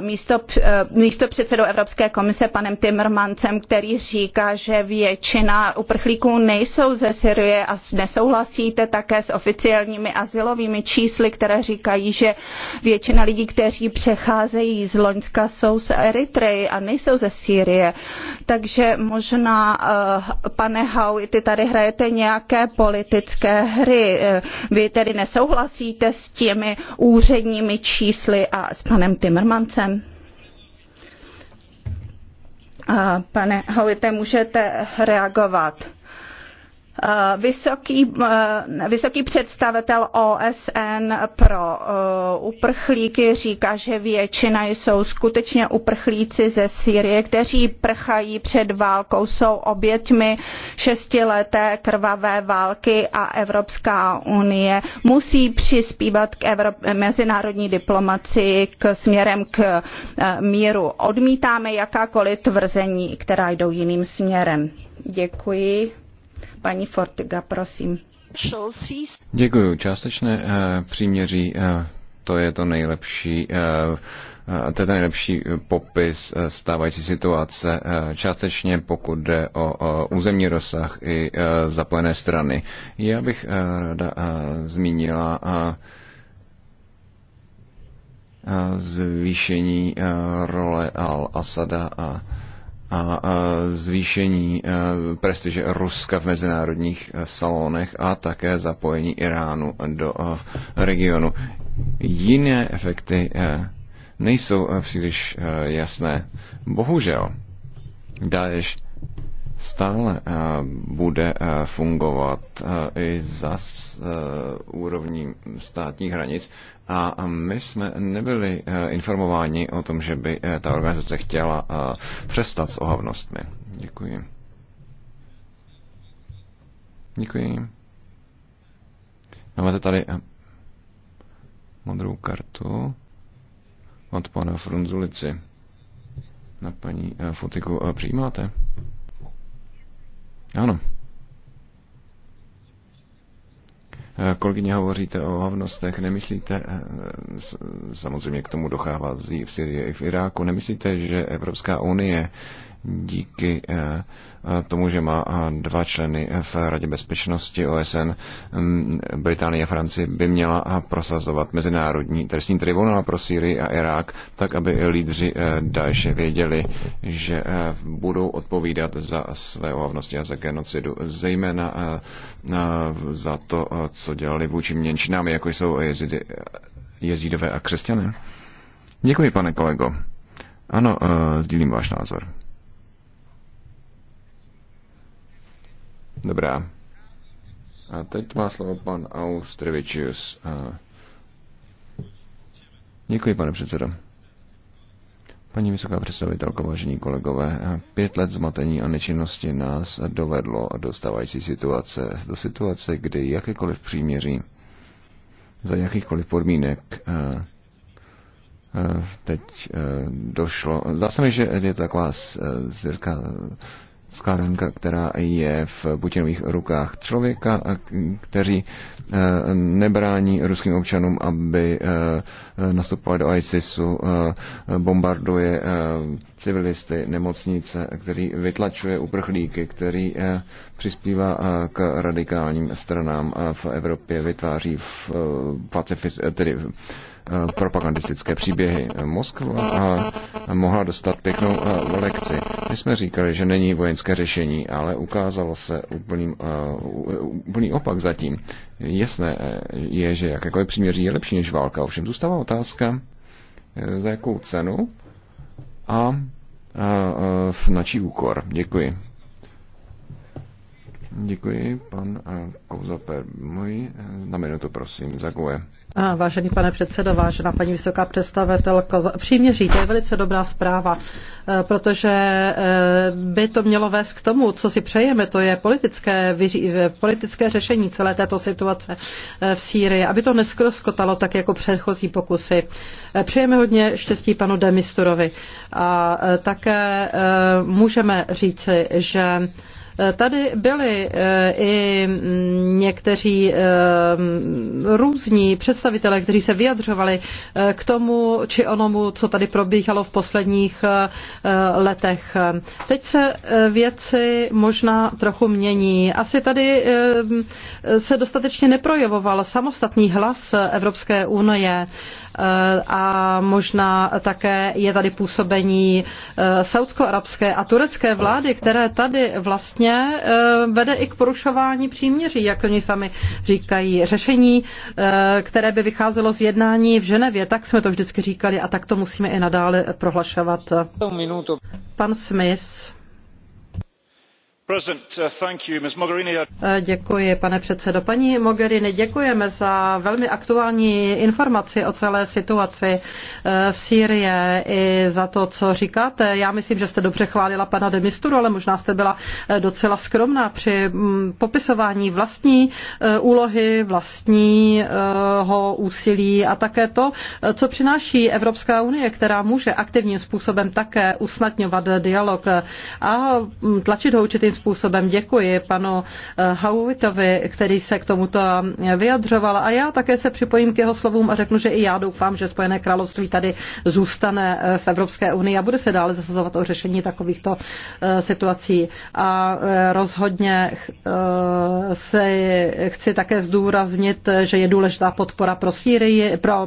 místo, eh, místo předsedou Evropské komise panem Timmermansem, který říká, že většina uprchlíků nejsou ze Syrie a nesouhlasíte také s oficiálními asilovými čísly, které říkají, že většina lidí, kteří přecházejí z Loňska, jsou z Eritreji a nejsou ze Sýrie. Takže možná, eh, pane ty tady hrajete nějaké politické hry. Vy tedy nesouhlasíte s těmi úředními čísly a s panem Timmermancem? Pane Hovite, můžete reagovat. Eh, vysoký, eh, vysoký představitel OSN pro eh, uprchlíky říká, že většina jsou skutečně uprchlíci ze Sýrie, kteří prchají před válkou, jsou oběťmi šestileté krvavé války a Evropská unie musí přispívat k Evrop- mezinárodní diplomacii k směrem k míru. Odmítáme jakákoliv tvrzení, která jdou jiným směrem. Děkuji. Paní Fortiga, prosím.
Děkuji. Částečné eh, příměří eh, to je to nejlepší, eh, to je ten nejlepší popis stávající situace, částečně pokud jde o územní rozsah i zapojené strany. Já bych ráda zmínila zvýšení role Al-Asada a a zvýšení e, prestiže Ruska v mezinárodních e, salonech a také zapojení Iránu do e, regionu. Jiné efekty nejsou příliš jasné. Bohužel, Daesh stále eh, bude eh, fungovat eh, i za úrovní státních hranic. A my jsme nebyli informováni o tom, že by ta organizace chtěla přestat s ohavnostmi. Děkuji. Děkuji. Máme tady modrou kartu od pana Frunzulici. Na paní Futiku přijímáte? Ano. Eh, kolegyně, hovoříte o hovnostech, nemyslíte, eh, samozřejmě k tomu dochává v Syrii i v Iráku, nemyslíte, že Evropská unie díky eh, eh, tomu, že má eh, dva členy v Radě bezpečnosti OSN, mm, Británie a Francie by měla prosazovat Mezinárodní trestní tribunál pro Sýrii a Irák, tak aby lídři Daeše věděli, že budou odpovídat za své ohavnosti a za genocidu, zejména za to, co dělali vůči měnčinám, jako jsou jezidy, jezídové a křesťané. Děkuji, pane kolego. Ano, sdílím váš názor. Dobrá. A teď má slovo pan Austrevičius. Děkuji, pane předsedo. Paní vysoká představitelko, vážení kolegové, pět let zmatení a nečinnosti nás dovedlo do stávající situace, do situace, kdy jakékoliv příměří za jakýchkoliv podmínek eh, eh, teď eh, došlo. Zdá se mi, že je to taková zirka skládanka, která je v Putinových rukách člověka, kteří eh, nebrání ruským občanům, aby eh, nastupovali do ISISu, eh, bombarduje civilisty, nemocnice, který vytlačuje uprchlíky, který přispívá k radikálním stranám v Evropě, vytváří v, tedy Eh, propagandistické příběhy. Moskva a eh, mohla dostat pěknou eh, lekci. My jsme říkali, že není vojenské řešení, ale ukázalo se úplný, úplný opak zatím. Jasné je, že jakékoliv příměří je lepší než válka. Ovšem zůstává otázka, za jakou cenu a, a, a na čí úkor. Děkuji. Děkuji, pan eh, Kouza Můj na minutu, prosím,
A Vážený pane předsedo, vážená paní vysoká představitelko, přímě říct, je velice dobrá zpráva, eh, protože eh, by to mělo vést k tomu, co si přejeme, to je politické, politické řešení celé této situace v Sýrii, aby to neskroskotalo tak jako předchozí pokusy. Přejeme hodně štěstí panu Demisturovi a také můžeme říci, že Tady byli eh, i mm, někteří eh, různí představitelé, kteří se vyjadřovali eh, k tomu či onomu, co tady probíhalo v posledních letech. Teď se věci možná trochu mění. Asi tady se dostatečně neprojevoval samostatný hlas Evropské unie Eh, a možná také je tady působení eh, saudsko-arabské a turecké vlády, které tady vlastně eh, vede i k porušování příměří, jak oni sami říkají. Řešení, které by vycházelo z jednání v Ženevě, tak jsme to vždycky říkali a tak to musíme i nadále prohlašovat. Pan Smith.
Uh, uh,
eh, děkuji, pane předsedo. Paní mogheriniová děkujeme za velmi aktuální informaci o celé situaci eh, v Sýrii i za to, co říkáte. Já myslím, že jste dobře chválila pana Demisturu, ale možná jste byla eh, docela skromná při mm, popisování vlastní úlohy, vlastního úsilí a také to, co přináší Evropská unie, která může aktivním způsobem také usnadňovat dialog a mm, tlačit ho určitým způsobem způsobem. Děkuji panu eh, Hauvitovi, který se k tomuto vyjadřoval a já také se připojím k jeho slovům a řeknu, že i já doufám, že Spojené království tady zůstane eh, v Evropské unii a bude se dále zasazovat o řešení takovýchto eh, situací. A rozhodně se chci také zdůraznit, že je důležitá podpora pro Sýrii, pro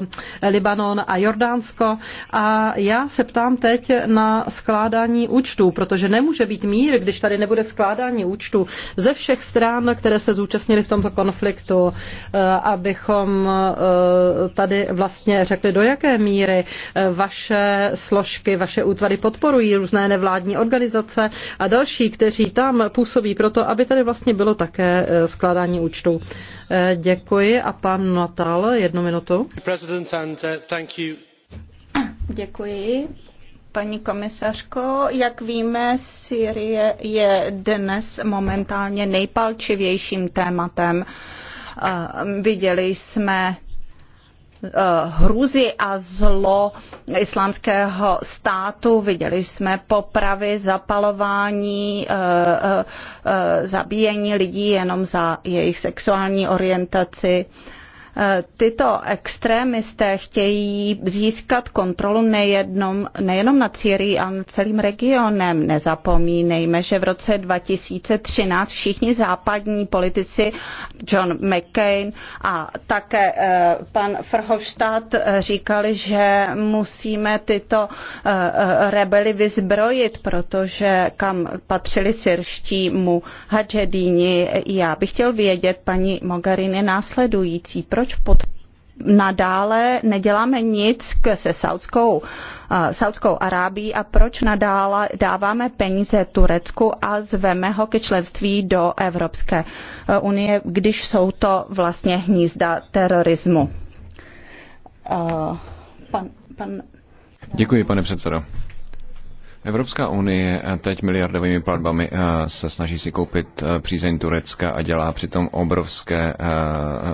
Libanon a Jordánsko. A já se ptám teď na skládání účtů, protože nemůže být mír, když tady nebude skládání skládání účtů ze všech stran, které se zúčastnili v tomto konfliktu, eh, abychom eh, tady vlastně řekli, do jaké míry eh, vaše složky, vaše útvary podporují různé nevládní organizace a další, kteří tam působí proto, aby tady vlastně bylo také skládání účtů. Děkuji a pan Natal, jednu minutu.
Děkuji. Paní komisařko, jak víme, Syrie je dnes momentálně nejpalčivějším tématem. Viděli jsme hrůzy a zlo islámského státu. Viděli jsme popravy, zapalování, zabíjení lidí jenom za jejich sexuální orientaci Eh, tyto extrémisté chtějí získat kontrolu nejednom, nejenom nad Syrií, ale nad celým regionem. Nezapomínejme, že v roce 2013 všichni západní politici John McCain a také eh, pan Frhofstadt eh, říkali, že musíme tyto rebely vyzbrojit, protože kam patřili syrští mu hadžedíni. Já bych chtěl vědět, paní Mogherini, následující. Proč proč pod nadále neděláme nic se Saudskou, uh, Saudskou Arábií a proč nadále dáváme peníze Turecku a zveme ho ke členství do Evropské e, unie, když jsou to vlastně hnízda terorismu. Uh, pan, pan...
Děkuji, pane předsedo. Evropská unie eh, teď miliardovými platbami eh, se snaží si koupit eh, přízeň Turecka a dělá přitom obrovské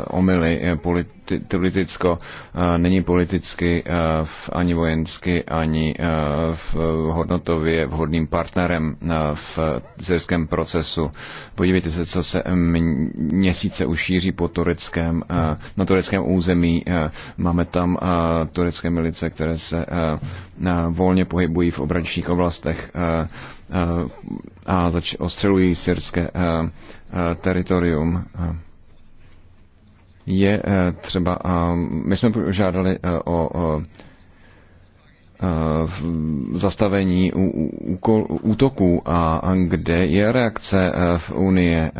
omily polit politicko eh, není politicky eh, ani vojensky, ani eh, v hodnotově vhodným partnerem v syrském procesu. Podívejte se, co se měsíce ušíří po tureckém, na tureckém území. Máme tam turecké milice, které se volně pohybují v obrančních oblastech a ostřelují syrské teritorium je eh, třeba, my jsme žádali eh, o eh, zastavení útoků a kde je reakce v Unie,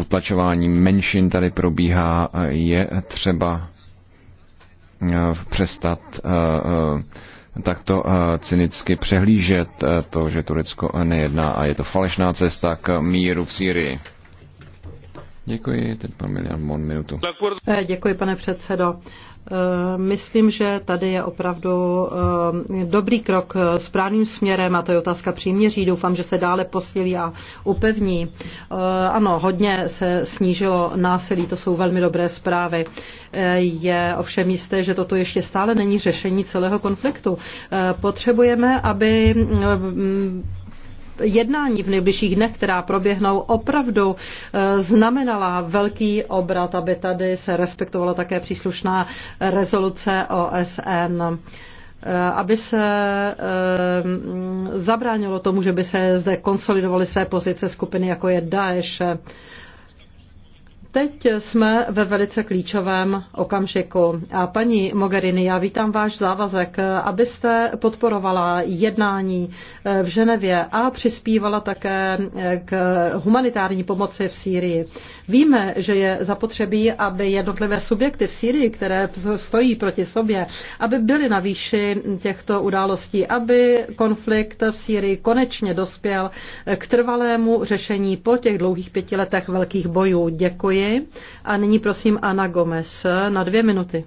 utlačování menšin tady probíhá, je třeba přestat takto cynicky přehlížet to, že Turecko nejedná a je to falešná cesta k míru v Sýrii. Děkuji, teď pan Milian Mon minutu.
Eh, děkuji, pane předsedo. Eh, myslím, že tady je opravdu eh, dobrý krok správným směrem a to je otázka příměří. Doufám, že se dále posílí a upevní. Ano, hodně se snížilo násilí, to jsou velmi dobré zprávy. Je ovšem jisté, že toto ještě stále není řešení celého konfliktu. Potřebujeme, aby mm, jednání v nejbližších dnech, která proběhnou, opravdu eh, znamenala velký obrat, aby tady se respektovala také příslušná rezoluce OSN eh, aby se eh, zabránilo tomu, že by se zde konsolidovaly své pozice skupiny, jako je Daesh. Teď jsme ve velice klíčovém okamžiku. A paní Mogherini, já vítám váš závazek, abyste podporovala jednání eh, v Ženevě a přispívala také eh, k humanitární pomoci v Sýrii. Víme, že je zapotřebí, aby jednotlivé subjekty v Sýrii, které stojí proti sobě, aby byly na výši těchto událostí, aby konflikt v Sýrii konečně dospěl k trvalému řešení po těch dlouhých pěti letech velkých bojů. Děkuji. A nyní prosím Ana Gomez na dvě minuty.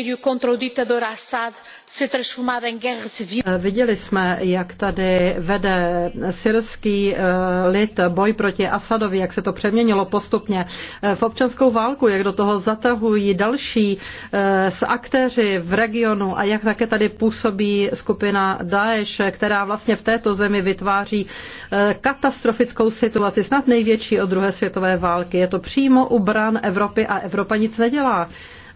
E Assad se Viděli jsme, jak tady vede syrský eh, lid boj proti proti Asadovi, jak se to přeměnilo postupně eh, v občanskou válku, jak do toho zatahují další eh, s aktéři v regionu a jak také tady působí skupina Daesh, která vlastně v této zemi vytváří eh, katastrofickou situaci, snad největší od druhé světové války. Je to přímo u bran Evropy a Evropa nic nedělá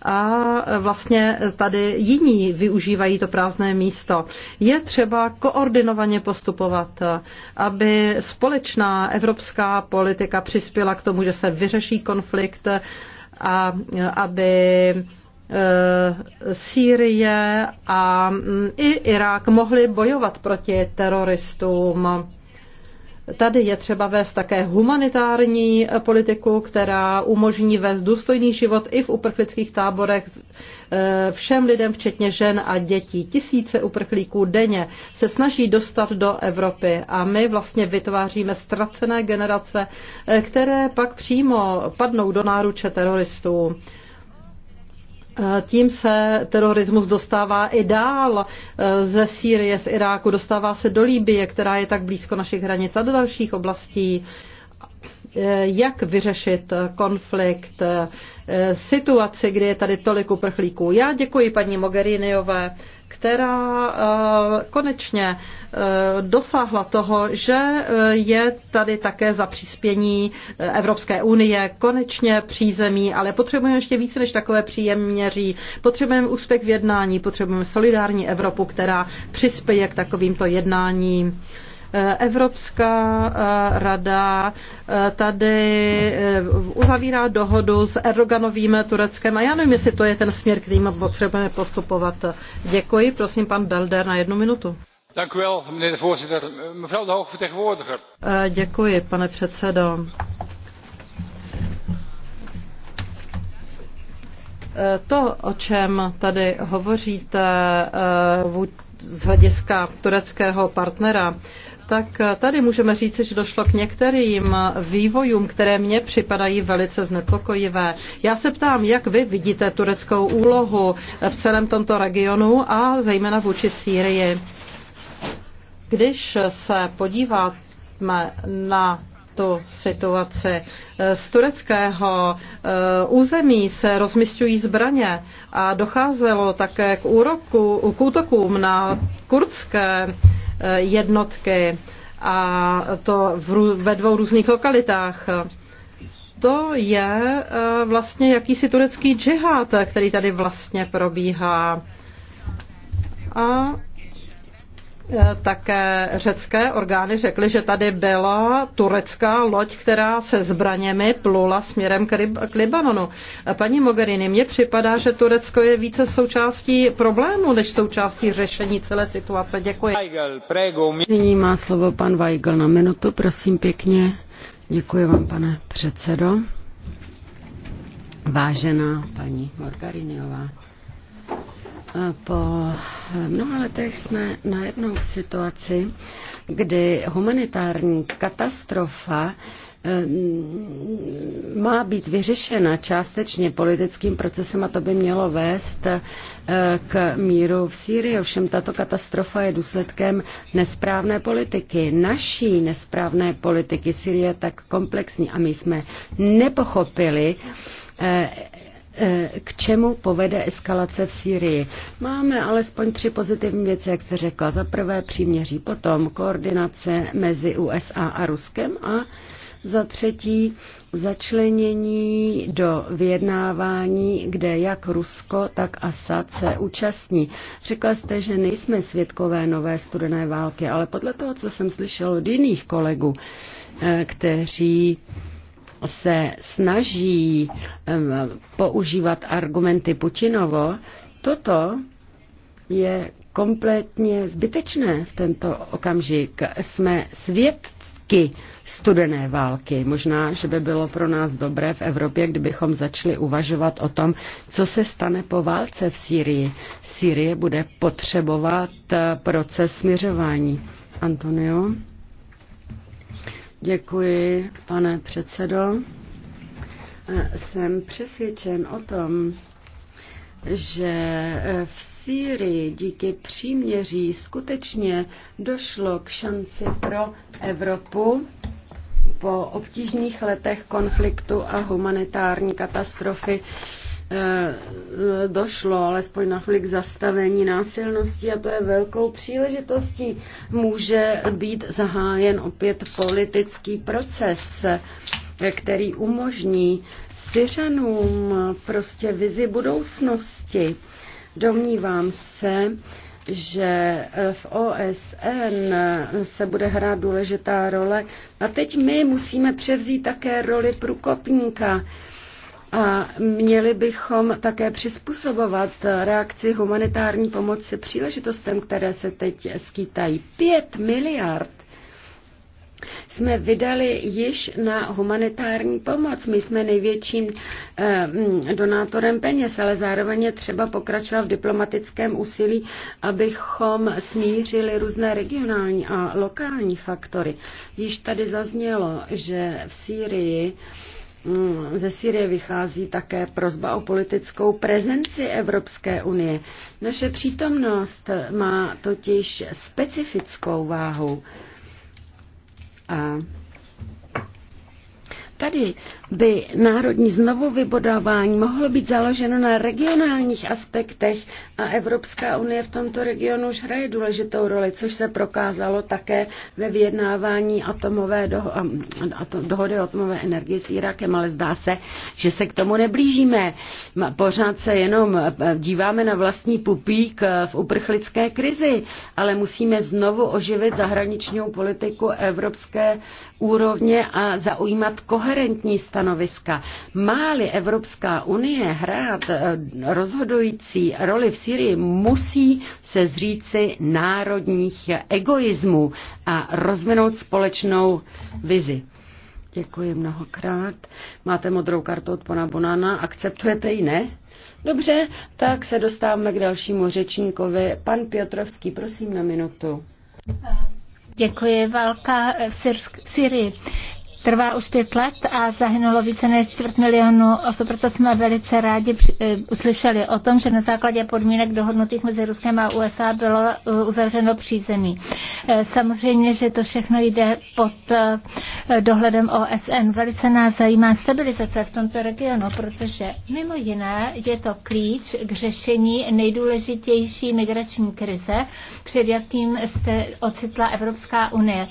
a vlastně tady jiní využívají to prázdné místo. Je třeba koordinovaně postupovat, aby společná evropská politika přispěla k tomu, že se vyřeší konflikt a aby eh, Sýrie a mm, i Irák mohli bojovat proti teroristům Tady je třeba vést také humanitární politiku, která umožní vést důstojný život i v uprchlických táborech eh, všem lidem, včetně žen a dětí. Tisíce uprchlíků denně se snaží dostat do Evropy a my vlastně vytváříme ztracené generace, eh, které pak přímo padnou do náruče teroristů. Eh, tím se terorismus dostává i dál eh, ze Sýrie, z Iráku, dostává se do Líbie, která je tak blízko našich hranic a do dalších oblastí. Eh, jak vyřešit konflikt, situaci, kdy je tady tolik uprchlíků? Já děkuji paní Mogheriniové která eh, konečně eh, dosáhla toho, že eh, je tady také za příspění Evropské unie konečně přízemí, ale potřebujeme ještě více než takové příjemněří. Potřebujeme úspěch v jednání, potřebujeme solidární Evropu, která přispěje k takovýmto jednáním. Evropská eh, rada eh, tady eh, uzavírá dohodu s Erdoganovým Tureckem a já nevím, jestli to je ten směr, kterým potřebujeme postupovat. Děkuji, prosím, pan Belder na jednu minutu. Děkuji, pane předsedo. To, o čem tady hovoříte z hlediska tureckého partnera, tak eh, tady můžeme říci, že došlo k některým eh, vývojům, které mně připadají velice znepokojivé. Já se ptám, jak vy vidíte tureckou úlohu eh, v celém tomto regionu a zejména vůči Sýrii. Když se podíváme na tu situaci. Z tureckého území se rozmysťují zbraně a docházelo také k, úroku, k útokům na kurdské Eh, jednotky a to v, ve dvou různých lokalitách. To je eh, vlastně jakýsi turecký džihad, který tady vlastně probíhá. A Eh, také řecké orgány řekly, že tady byla turecká loď, která se zbraněmi plula směrem k Libanonu. Eh, paní Mogherini, mně připadá, že Turecko je více součástí problému, než součástí řešení celé situace. Děkuji.
Nyní má slovo pan Weigl na minutu, prosím pěkně. Děkuji vám, pane předsedo. Vážená paní Morgariniová. Po mnoha letech jsme najednou v situaci, kdy humanitární katastrofa eh, má být vyřešena částečně politickým procesem a to by mělo vést eh, k míru v Sýrii. Ovšem tato katastrofa je důsledkem nesprávné politiky, naší nesprávné politiky. Sýrie je tak komplexní a my jsme nepochopili, eh, Eh, k čemu povede eskalace v Sýrii. Máme alespoň tři pozitivní věci, jak jste řekla. Za prvé příměří, potom koordinace mezi USA a Ruskem a za třetí začlenění do vyjednávání, kde jak Rusko, tak Assad se účastní. Řekla jste, že nejsme svědkové nové studené války, ale podle toho, co jsem slyšel od jiných kolegů, eh, kteří se snaží používat argumenty Putinovo, toto je kompletně zbytečné v tento okamžik. Jsme svědky studené války. Možná, že by bylo pro nás dobré v Evropě, kdybychom začali uvažovat o tom, co se stane po válce v Sýrii. Sýrie bude potřebovat eh, proces směřování. Antonio? Děkuji, pane předsedo. E, jsem přesvědčen o tom, že e, v Sýrii díky příměří skutečně došlo k šanci pro Evropu po obtížných letech konfliktu a humanitární katastrofy Eh, došlo alespoň na chvíli k zastavení násilnosti a to je velkou příležitostí. Může být zahájen opět politický proces, eh, který umožní Syřanům prostě vizi budoucnosti. Domnívám se, že eh, v OSN se bude hrát důležitá role. A teď my musíme převzít také roli průkopníka a měli bychom také přizpůsobovat reakci humanitární pomoci příležitostem, které se teď skýtají. Pět miliard jsme vydali již na humanitární pomoc. My jsme největším eh, donátorem peněz, ale zároveň je třeba pokračovat v diplomatickém úsilí, abychom smířili různé regionální a lokální faktory. Již tady zaznělo, že v Sýrii Mm, ze Syrie vychází také prozba o politickou prezenci Evropské unie. Naše přítomnost má totiž specifickou váhu. A Tady by národní znovuvybudování mohlo být založeno na regionálních aspektech a Evropská unie v tomto regionu už hraje důležitou roli, což se prokázalo také ve vyjednávání atomové doho- to- dohody o atomové energie s Irákem, ale zdá se, že se k tomu neblížíme. Pořád se jenom eh, díváme na vlastní pupík eh, v uprchlické krizi, ale musíme znovu oživit zahraničního politiku evropské úrovně a zaujímat koho koherentní stanoviska. Máli Evropská unie hrát eh, rozhodující roli v Syrii, musí se zříci národních egoismů a rozvinout společnou vizi. Děkuji mnohokrát. Máte modrou kartu od pana Bonana. Akceptujete ji, ne? Dobře, tak se dostáváme k dalšímu řečníkovi. Pan Piotrovský, prosím na minutu.
Děkuji. Válka v, Syr- v Syrii trvá už pět let a zahynulo více než čtvrt milionu osob. Proto jsme velice rádi eh, uslyšeli o tom, že na základě podmínek dohodnutých mezi Ruskem a USA bylo eh, uzavřeno přízemí. Eh, samozřejmě, že to všechno jde pod dohledem OSN. Velice nás zajímá stabilizace v tomto regionu, protože mimo jiné je to klíč k řešení nejdůležitější migrační krize, před jakým se ocitla Evropská unie.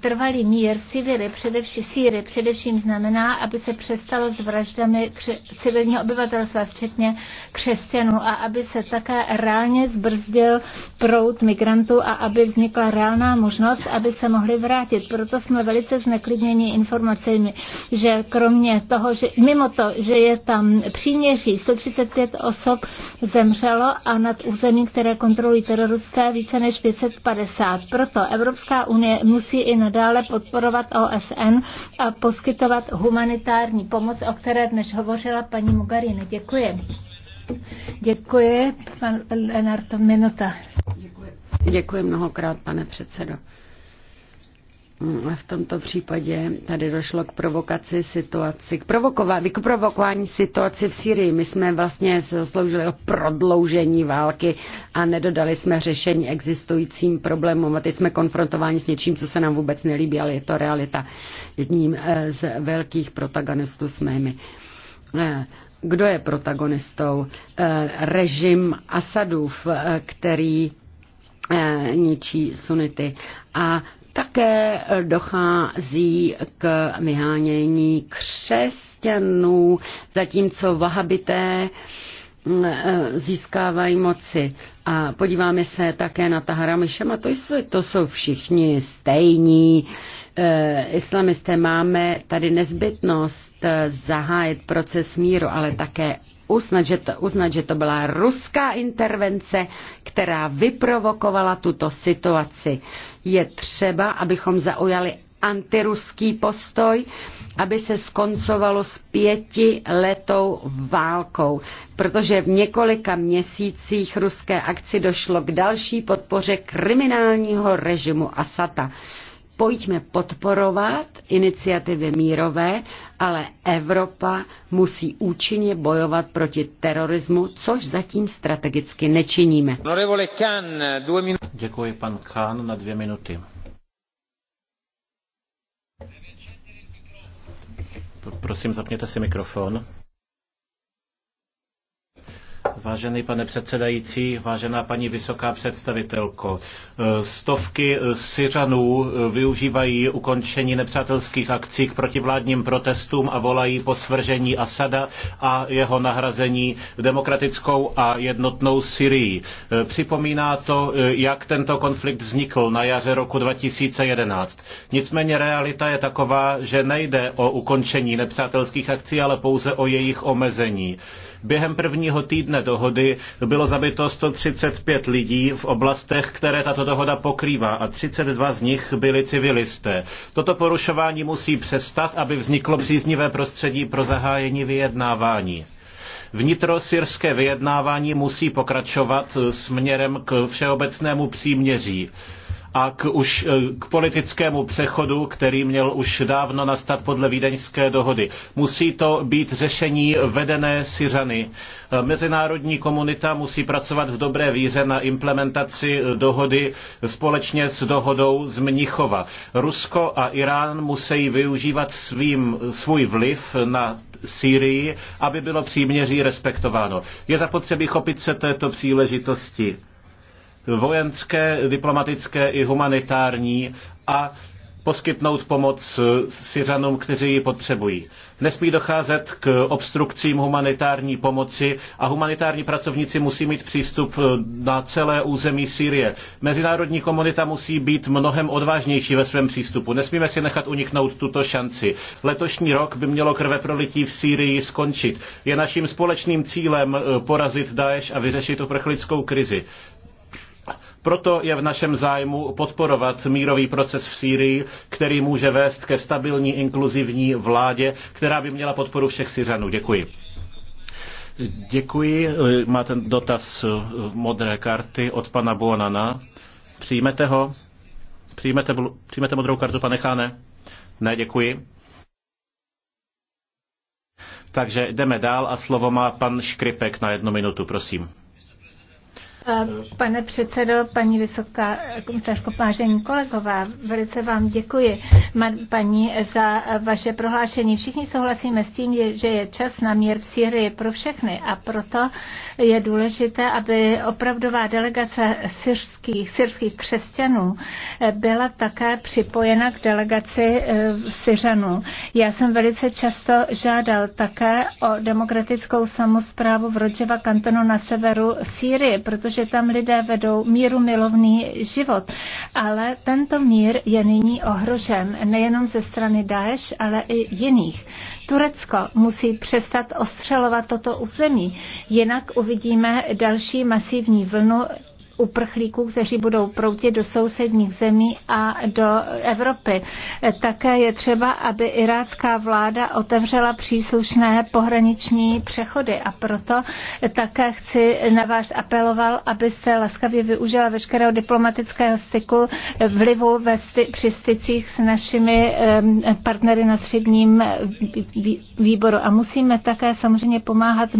Trvalý mír v Sivili především Sýry především znamená, aby se přestalo s vraždami civilního obyvatelstva, včetně křesťanů, a aby se také reálně zbrzdil proud migrantů a aby vznikla reálná možnost, aby se mohli vrátit. Proto jsme velice zneklidněni informacemi, že kromě toho, že mimo to, že je tam příměří, 135 osob zemřelo a nad území, které kontrolují teroristé, více než 550. Proto Evropská unie musí i nadále podporovat OSN a poskytovat humanitární pomoc, o které dnes hovořila paní Mugarini. Děkuji. Děkuji, pan Lenarto, minuta. Děkuji.
Děkuji mnohokrát, pane předsedo v tomto případě tady došlo k provokaci situaci, k, provokování, k provokování situaci v Syrii, My jsme vlastně se zasloužili o prodloužení války a nedodali jsme řešení existujícím problémům. A teď jsme konfrontováni s něčím, co se nám vůbec nelíbí, ale je to realita. Jedním eh, z velkých protagonistů jsme my. Eh, kdo je protagonistou? Eh, režim Asadův, který ničí sunity. A také dochází k vyhánění křesťanů, zatímco vahabité mm, e, získávají moci. A podíváme se také na Tahara a to jsou, to jsou všichni stejní, Eh, islamisté máme tady nezbytnost eh, zahájit proces míru, ale také uznat že, to, uznat, že to byla ruská intervence, která vyprovokovala tuto situaci. Je třeba, abychom zaujali antiruský postoj, aby se skoncovalo s pěti letou válkou, protože v několika měsících ruské akci došlo k další podpoře kriminálního režimu Asata pojďme podporovat iniciativy mírové, ale Evropa musí účinně bojovat proti terorismu, což zatím strategicky nečiníme.
Děkuji pan Khan na dvě minuty. Prosím, zapněte si mikrofon. Vážený pane předsedající, vážená paní vysoká představitelko, stovky Syřanů využívají ukončení nepřátelských akcí k protivládním protestům a volají po svržení Asada a jeho nahrazení demokratickou a jednotnou Syrií. Připomíná to, jak tento konflikt vznikl na jaře roku 2011. Nicméně realita je taková, že nejde o ukončení nepřátelských akcí, ale pouze o jejich omezení. Během prvního týdne jedné dohody bylo zabito 135 lidí v oblastech, které tato dohoda pokrývá a 32 z nich byli civilisté. Toto porušování musí přestat, aby vzniklo příznivé prostředí pro zahájení vyjednávání. Vnitrosyrské vyjednávání musí pokračovat směrem k všeobecnému příměří a k, už, e, k politickému přechodu, který měl už dávno nastat podle Vídeňské dohody. Musí to být řešení vedené Syřany. E, mezinárodní komunita musí pracovat v dobré víře na implementaci dohody společně s dohodou z Mnichova. Rusko a Irán musí využívat svým, svůj vliv na Sýrii, aby bylo příměří respektováno. Je zapotřebí chopit se této příležitosti vojenské, diplomatické i humanitární a poskytnout pomoc Syřanům, kteří ji potřebují. Nesmí docházet k obstrukcím humanitární pomoci a humanitární pracovníci musí mít přístup na celé území Sýrie. Mezinárodní komunita musí být mnohem odvážnější ve svém přístupu. Nesmíme si nechat uniknout tuto šanci. Letošní rok by mělo krve prolití v Sýrii skončit. Je naším společným cílem porazit Daesh a vyřešit uprchlickou krizi. Proto je v našem zájmu podporovat mírový proces v Sýrii, který může vést ke stabilní inkluzivní vládě, která by měla podporu všech Syřanů. Děkuji. Děkuji. Máte dotaz eh, modré karty od pana Buonana. Přijmete ho? Přijmete, přijmete modrou kartu, pane Cháne? Ne, děkuji. Takže jdeme dál a slovo má pan Škripek na jednu minutu, prosím.
Eh, pane předsedo, paní vysoká komisařko, vážení kolegové, velice vám děkuji, paní, za vaše prohlášení. Všichni souhlasíme s tím, že je čas na mír v Syrii pro všechny a proto je důležité, aby opravdová delegace syrských, syrských křesťanů eh, byla také připojena k delegaci eh, Syřanů. Já jsem velice často žádal také o demokratickou samozprávu v Rodževa kantonu na severu Sýrie, protože že tam lidé vedou míru milovný život. Ale tento mír je nyní ohrožen nejenom ze strany Daesh, ale i jiných. Turecko musí přestat ostřelovat toto území, jinak uvidíme další masivní vlnu uprchlíků, kteří budou proutit do sousedních zemí a do Evropy. Také je třeba, aby irácká vláda otevřela příslušné pohraniční přechody a proto také chci na vás apeloval, abyste laskavě využila veškerého diplomatického styku vlivu ve sty, při stycích s našimi um, partnery na středním výboru. A musíme také samozřejmě pomáhat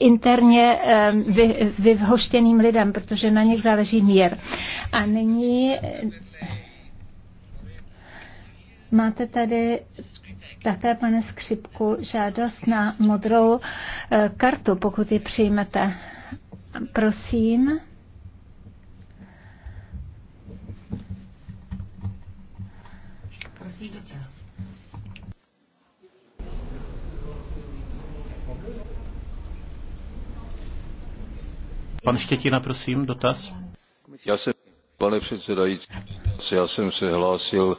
interně um, vy, vyhoštěným lidem, protože na nich záleží mír. A nyní máte tady také, pane Skřipku, žádost na modrou eh, kartu, pokud ji přijmete. Prosím.
Prosím,
Pan Štětina, prosím, dotaz.
Já jsem, pane předsedající, já jsem se
hlásil,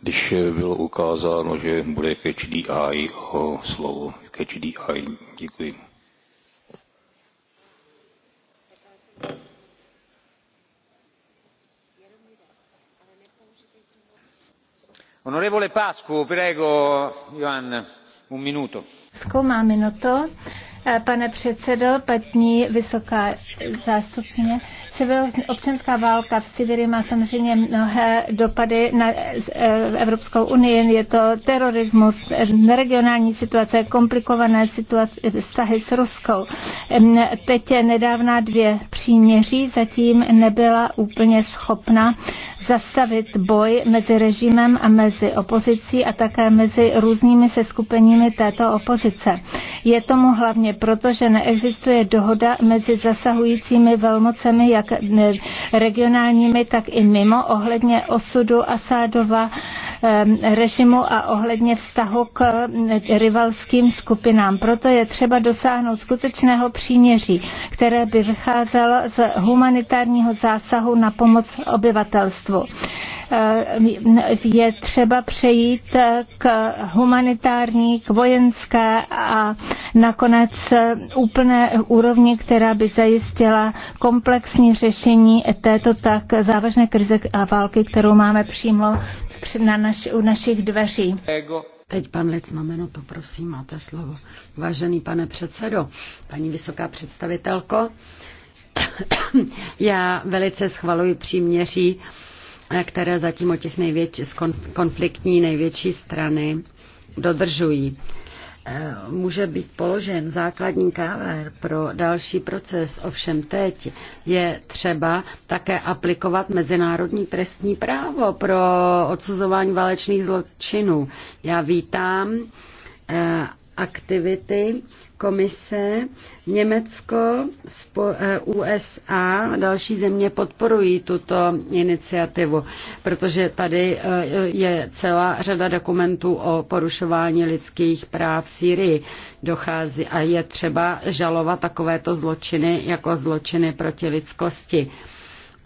když bylo ukázáno, že bude catch the eye o slovo. Catch the eye. Děkuji.
Onorevole Pascu, prego, Johan, un minuto.
Zkoumá minuto. Eh, pane předsedo, paní vysoká zástupně. Civil, občanská válka v Sibiři má samozřejmě mnohé dopady na eh, Evropskou unii. Je to terorismus, regionální situace, komplikované situace, vztahy s Ruskou. Teď je nedávná dvě příměří, zatím nebyla úplně schopna zastavit boj mezi režimem a mezi opozicí a také mezi různými seskupeními této opozice. Je tomu hlavně proto, že neexistuje dohoda mezi zasahujícími velmocemi, jak eh, regionálními, tak i mimo, ohledně osudu Asádova eh, režimu a ohledně vztahu k eh, rivalským skupinám. Proto je třeba dosáhnout skutečného příměří, které by vycházelo z humanitárního zásahu na pomoc obyvatelstvu výzvu eh, je třeba přejít eh, k humanitární, k vojenské a nakonec eh, úplné úrovni, která by zajistila komplexní řešení této tak závažné krize a války, kterou máme přímo na naš, u našich dveří.
Teď pan Lec Mameno, to prosím, máte slovo. Vážený pane předsedo, paní vysoká představitelko, <coughs> já velice schvaluji příměří které zatím o těch největší, konfliktní největší strany dodržují. E, může být položen základní káver pro další proces, ovšem teď je třeba také aplikovat mezinárodní trestní právo pro odsuzování válečných zločinů. Já vítám e, aktivity komise. Německo, eh, USA a další země podporují tuto iniciativu, protože tady eh, je celá řada dokumentů o porušování lidských práv v Sýrii. Dochází a je třeba žalovat takovéto zločiny jako zločiny proti lidskosti.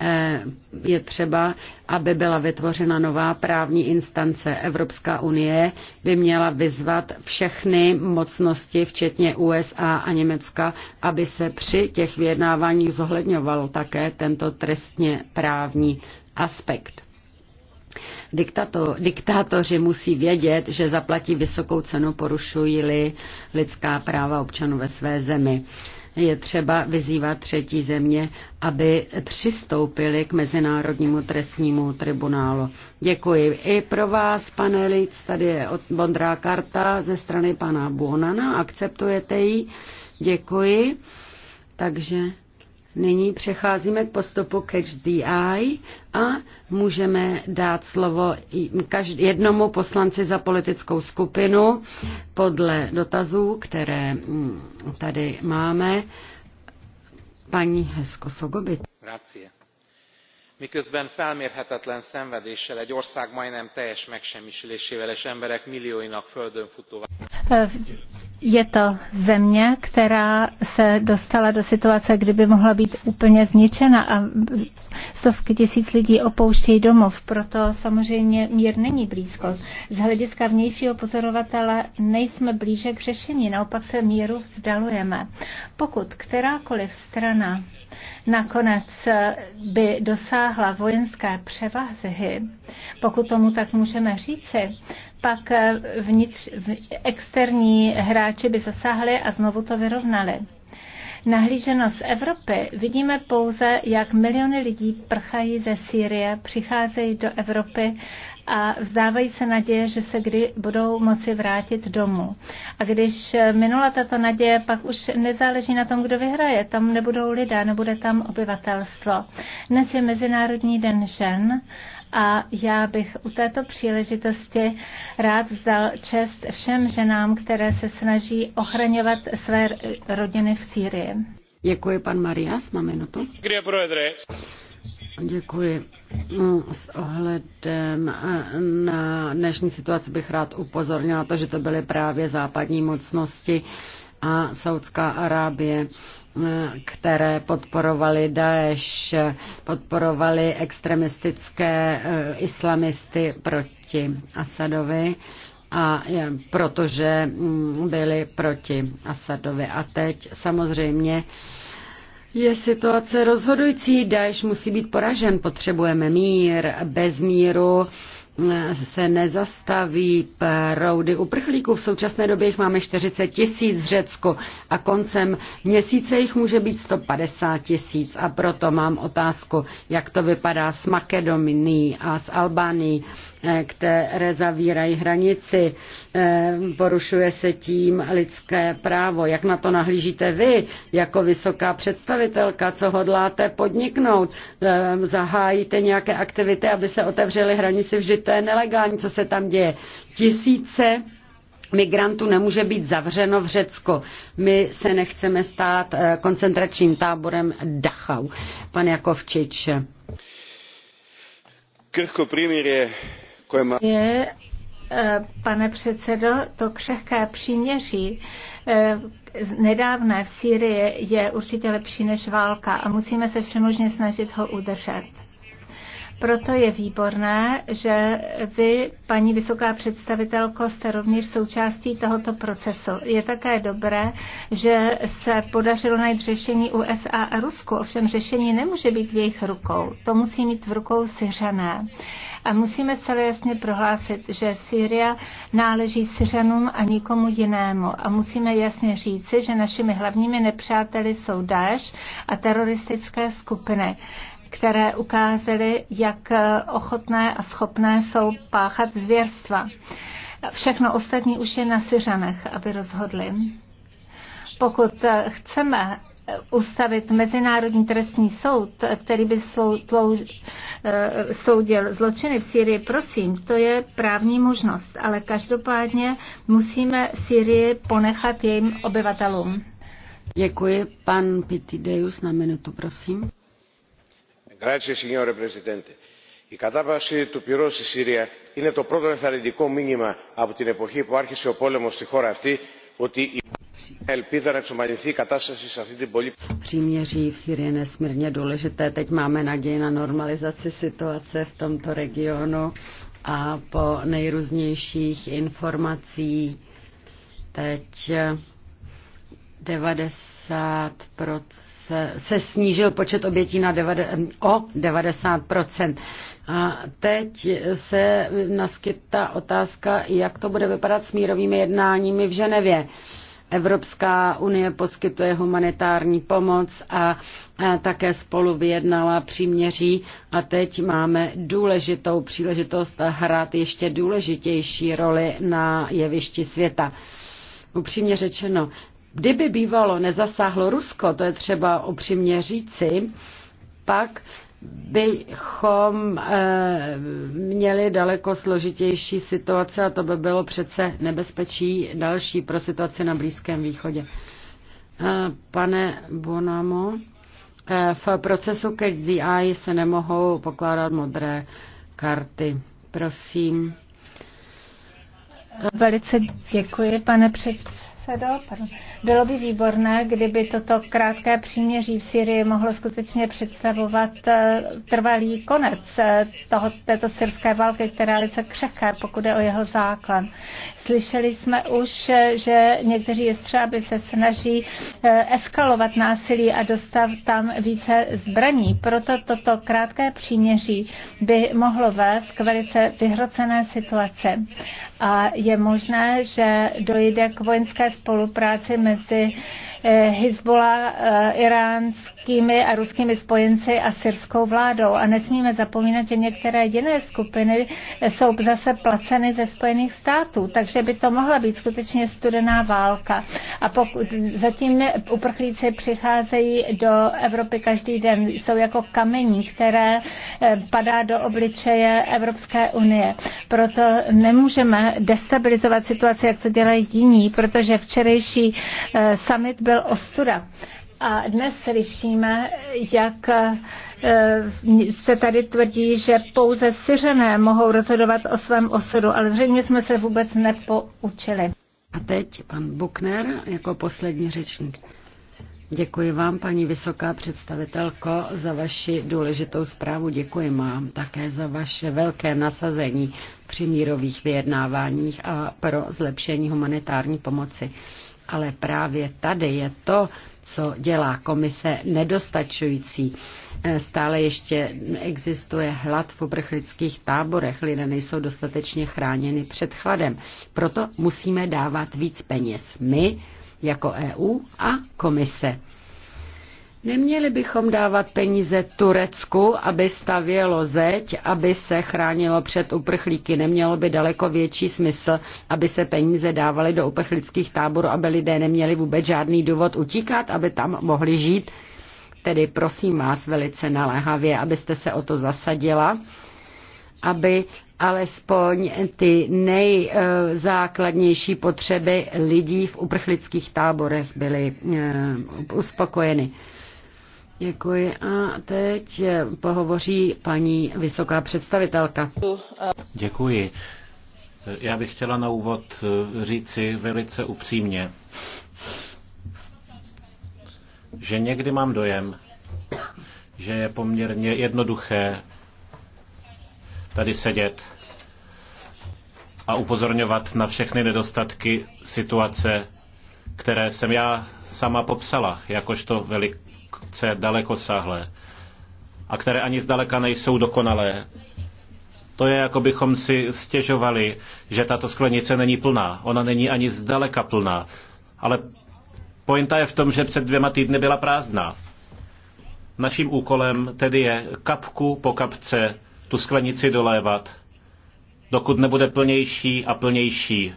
Eh, je třeba, aby byla vytvořena nová právní instance. Evropská unie by měla vyzvat všechny mocnosti, včetně USA a Německa, aby se při těch vyjednáváních zohledňoval také tento trestně právní aspekt. Diktato, diktátoři musí vědět, že zaplatí vysokou cenu, porušují-li lidská práva občanů ve své zemi je třeba vyzývat třetí země, aby přistoupili k Mezinárodnímu trestnímu tribunálu. Děkuji. I pro vás, pane Lic, tady je Bondrá karta ze strany pana Buonana. Akceptujete ji? Děkuji. Takže Nyní přecházíme k postupu Catch the Eye a můžeme dát slovo jednomu poslanci za politickou skupinu podle dotazů, které mm, tady máme. Paní Hesko Sogobit.
Grazie. Miközben felmérhetetlen szenvedéssel egy ország majdnem teljes megsemmisülésével és emberek millióinak földön futóval
je to země, která se dostala do situace, kdyby mohla být úplně zničena a stovky tisíc lidí opouštějí domov. Proto samozřejmě mír není blízko. Z hlediska vnějšího pozorovatele nejsme blíže k řešení, naopak se míru vzdalujeme. Pokud kterákoliv strana nakonec by dosáhla vojenské převahy, pokud tomu tak můžeme říci, pak eh, vnitř, externí hráči by zasáhli a znovu to vyrovnali. Nahlíženo z Evropy vidíme pouze, jak miliony lidí prchají ze Sýrie, přicházejí do Evropy a vzdávají se naděje, že se kdy budou moci vrátit domů. A když eh, minula tato naděje, pak už nezáleží na tom, kdo vyhraje. Tam nebudou lidé, nebude tam obyvatelstvo. Dnes je Mezinárodní den žen a já bych u této příležitosti rád vzdal čest všem ženám, které se snaží ochraňovat své rodiny v Sýrii. Děkuji, pan Marias, na minutu.
Děkuji. No, s ohledem eh, na dnešní situaci bych rád upozornila to, že to byly právě západní mocnosti a Saudská Arábie, které podporovali Daesh, podporovali extremistické eh, islamisty proti Asadovi a protože mm, byli proti Asadovi. A teď samozřejmě je situace rozhodující. Daesh musí být poražen. Potřebujeme mír. Bez míru se nezastaví proudy uprchlíků. V současné době jich máme 40 tisíc v Řecku a koncem měsíce jich může být 150 tisíc. A proto mám otázku, jak to vypadá s Makedonií a s Albánií které zavírají hranici. Eh, porušuje se tím lidské právo. Jak na to nahlížíte vy jako vysoká představitelka? Co hodláte podniknout? Eh, zahájíte nějaké aktivity, aby se otevřely hranice? Vždy to je nelegální, co se tam děje. Tisíce migrantů nemůže být zavřeno v Řecko. My se nechceme stát eh, koncentračním táborem Dachau. Pan
Jakovčič.
Krhko primír je
je, eh, pane předsedo, to křehké příměří eh, nedávné v Sýrii je určitě lepší než válka a musíme se všemožně snažit ho udržet. Proto je výborné, že vy, paní vysoká představitelko, jste rovněž součástí tohoto procesu. Je také dobré, že se podařilo najít řešení USA a Rusku, ovšem řešení nemůže být v jejich rukou. To musí mít v rukou Syřané. A musíme celé jasně prohlásit, že Syria náleží Syřanům a nikomu jinému. A musíme jasně říci, že našimi hlavními nepřáteli jsou Daesh a teroristické skupiny které ukázaly, jak eh, ochotné a schopné jsou páchat zvěrstva. Všechno ostatní už je na Syřanech, aby rozhodli. Pokud eh, chceme, ustavit Mezinárodní trestní soud, který by eh, soudil zločiny v Syrii, prosím, to je právní možnost, ale každopádně musíme Syrii ponechat jejím obyvatelům.
Děkuji. Pan Pitideus na minutu, prosím.
Grazie, signore Presidente. Η κατάβαση του πυρό στη Συρία είναι το πρώτο ενθαρρυντικό μήνυμα από την εποχή που άρχισε ο πόλεμος στη χώρα αυτή ότι
Příměří v Syrii je nesmírně důležité. Teď máme naději na normalizaci situace v tomto regionu a po nejrůznějších informací teď 90 se snížil počet obětí na 90, o 90 A teď se naskytá otázka, jak to bude vypadat s mírovými jednáními v Ženevě. Evropská unie poskytuje humanitární pomoc a také spolu vyjednala příměří a teď máme důležitou příležitost hrát ještě důležitější roli na jevišti světa. Upřímně řečeno, kdyby bývalo nezasáhlo Rusko, to je třeba upřímně říci, pak bychom eh, měli daleko složitější situace a to by bylo přece nebezpečí další pro situaci na Blízkém východě. Eh, pane Bonamo, eh, v procesu Catch the Eye se nemohou pokládat modré karty. Prosím.
Velice děkuji, pane předsedo předsedo. Pardon. Bylo by výborné, kdyby toto krátké příměří v Syrii mohlo skutečně představovat eh, trvalý konec eh, toho, této syrské války, která je velice křehká, pokud je o jeho základ. Slyšeli jsme už, eh, že někteří jestřáby se snaží eskalovat násilí a dostat tam více zbraní. Proto toto krátké příměří by mohlo vést k velice vyhrocené situaci a je možné, že dojde k vojenské spolupráci mezi Eh, Hezbola eh, iránskými a ruskými spojenci a syrskou vládou. A nesmíme zapomínat, že některé jiné skupiny eh, jsou zase placeny ze Spojených států, takže by to mohla být skutečně studená válka. A pokud zatím uprchlíci přicházejí do Evropy každý den, jsou jako kamení, které padá do obličeje Evropské unie. Proto nemůžeme destabilizovat situaci, jak to dělají jiní, protože včerejší summit byl byl ostuda. A dnes slyšíme, jak eh, se tady tvrdí, že pouze syřené mohou rozhodovat o svém osudu, ale zřejmě jsme se vůbec nepoučili. A teď pan Bukner
jako poslední řečník. Děkuji vám, paní vysoká představitelko, za vaši důležitou zprávu. Děkuji vám také za vaše velké nasazení při mírových vyjednáváních a pro zlepšení humanitární pomoci ale právě tady je to, co dělá komise nedostačující. Eh, stále ještě existuje hlad v uprchlických táborech, lidé nejsou dostatečně chráněni před chladem. Proto musíme dávat víc peněz my jako EU a komise. Neměli bychom dávat peníze Turecku, aby stavělo zeď, aby se chránilo před uprchlíky. Nemělo by daleko větší smysl, aby se peníze dávaly do uprchlických táborů, aby lidé neměli vůbec žádný důvod utíkat, aby tam mohli žít. Tedy prosím vás velice naléhavě, abyste se o to zasadila, aby alespoň ty nejzákladnější potřeby lidí v uprchlických táborech byly eh, uspokojeny. Děkuji a teď pohovoří paní vysoká představitelka.
Děkuji. Já bych chtěla na úvod říci velice upřímně, že někdy mám dojem, že je poměrně jednoduché tady sedět a upozorňovat na všechny nedostatky situace, které jsem já sama popsala, jakožto sankce daleko sahlé a které ani zdaleka nejsou dokonalé. To je, jako bychom si stěžovali, že tato sklenice není plná. Ona není ani zdaleka plná. Ale pointa je v tom, že před dvěma týdny byla prázdná. Naším úkolem tedy je kapku po kapce tu sklenici dolévat, dokud nebude plnější a plnější.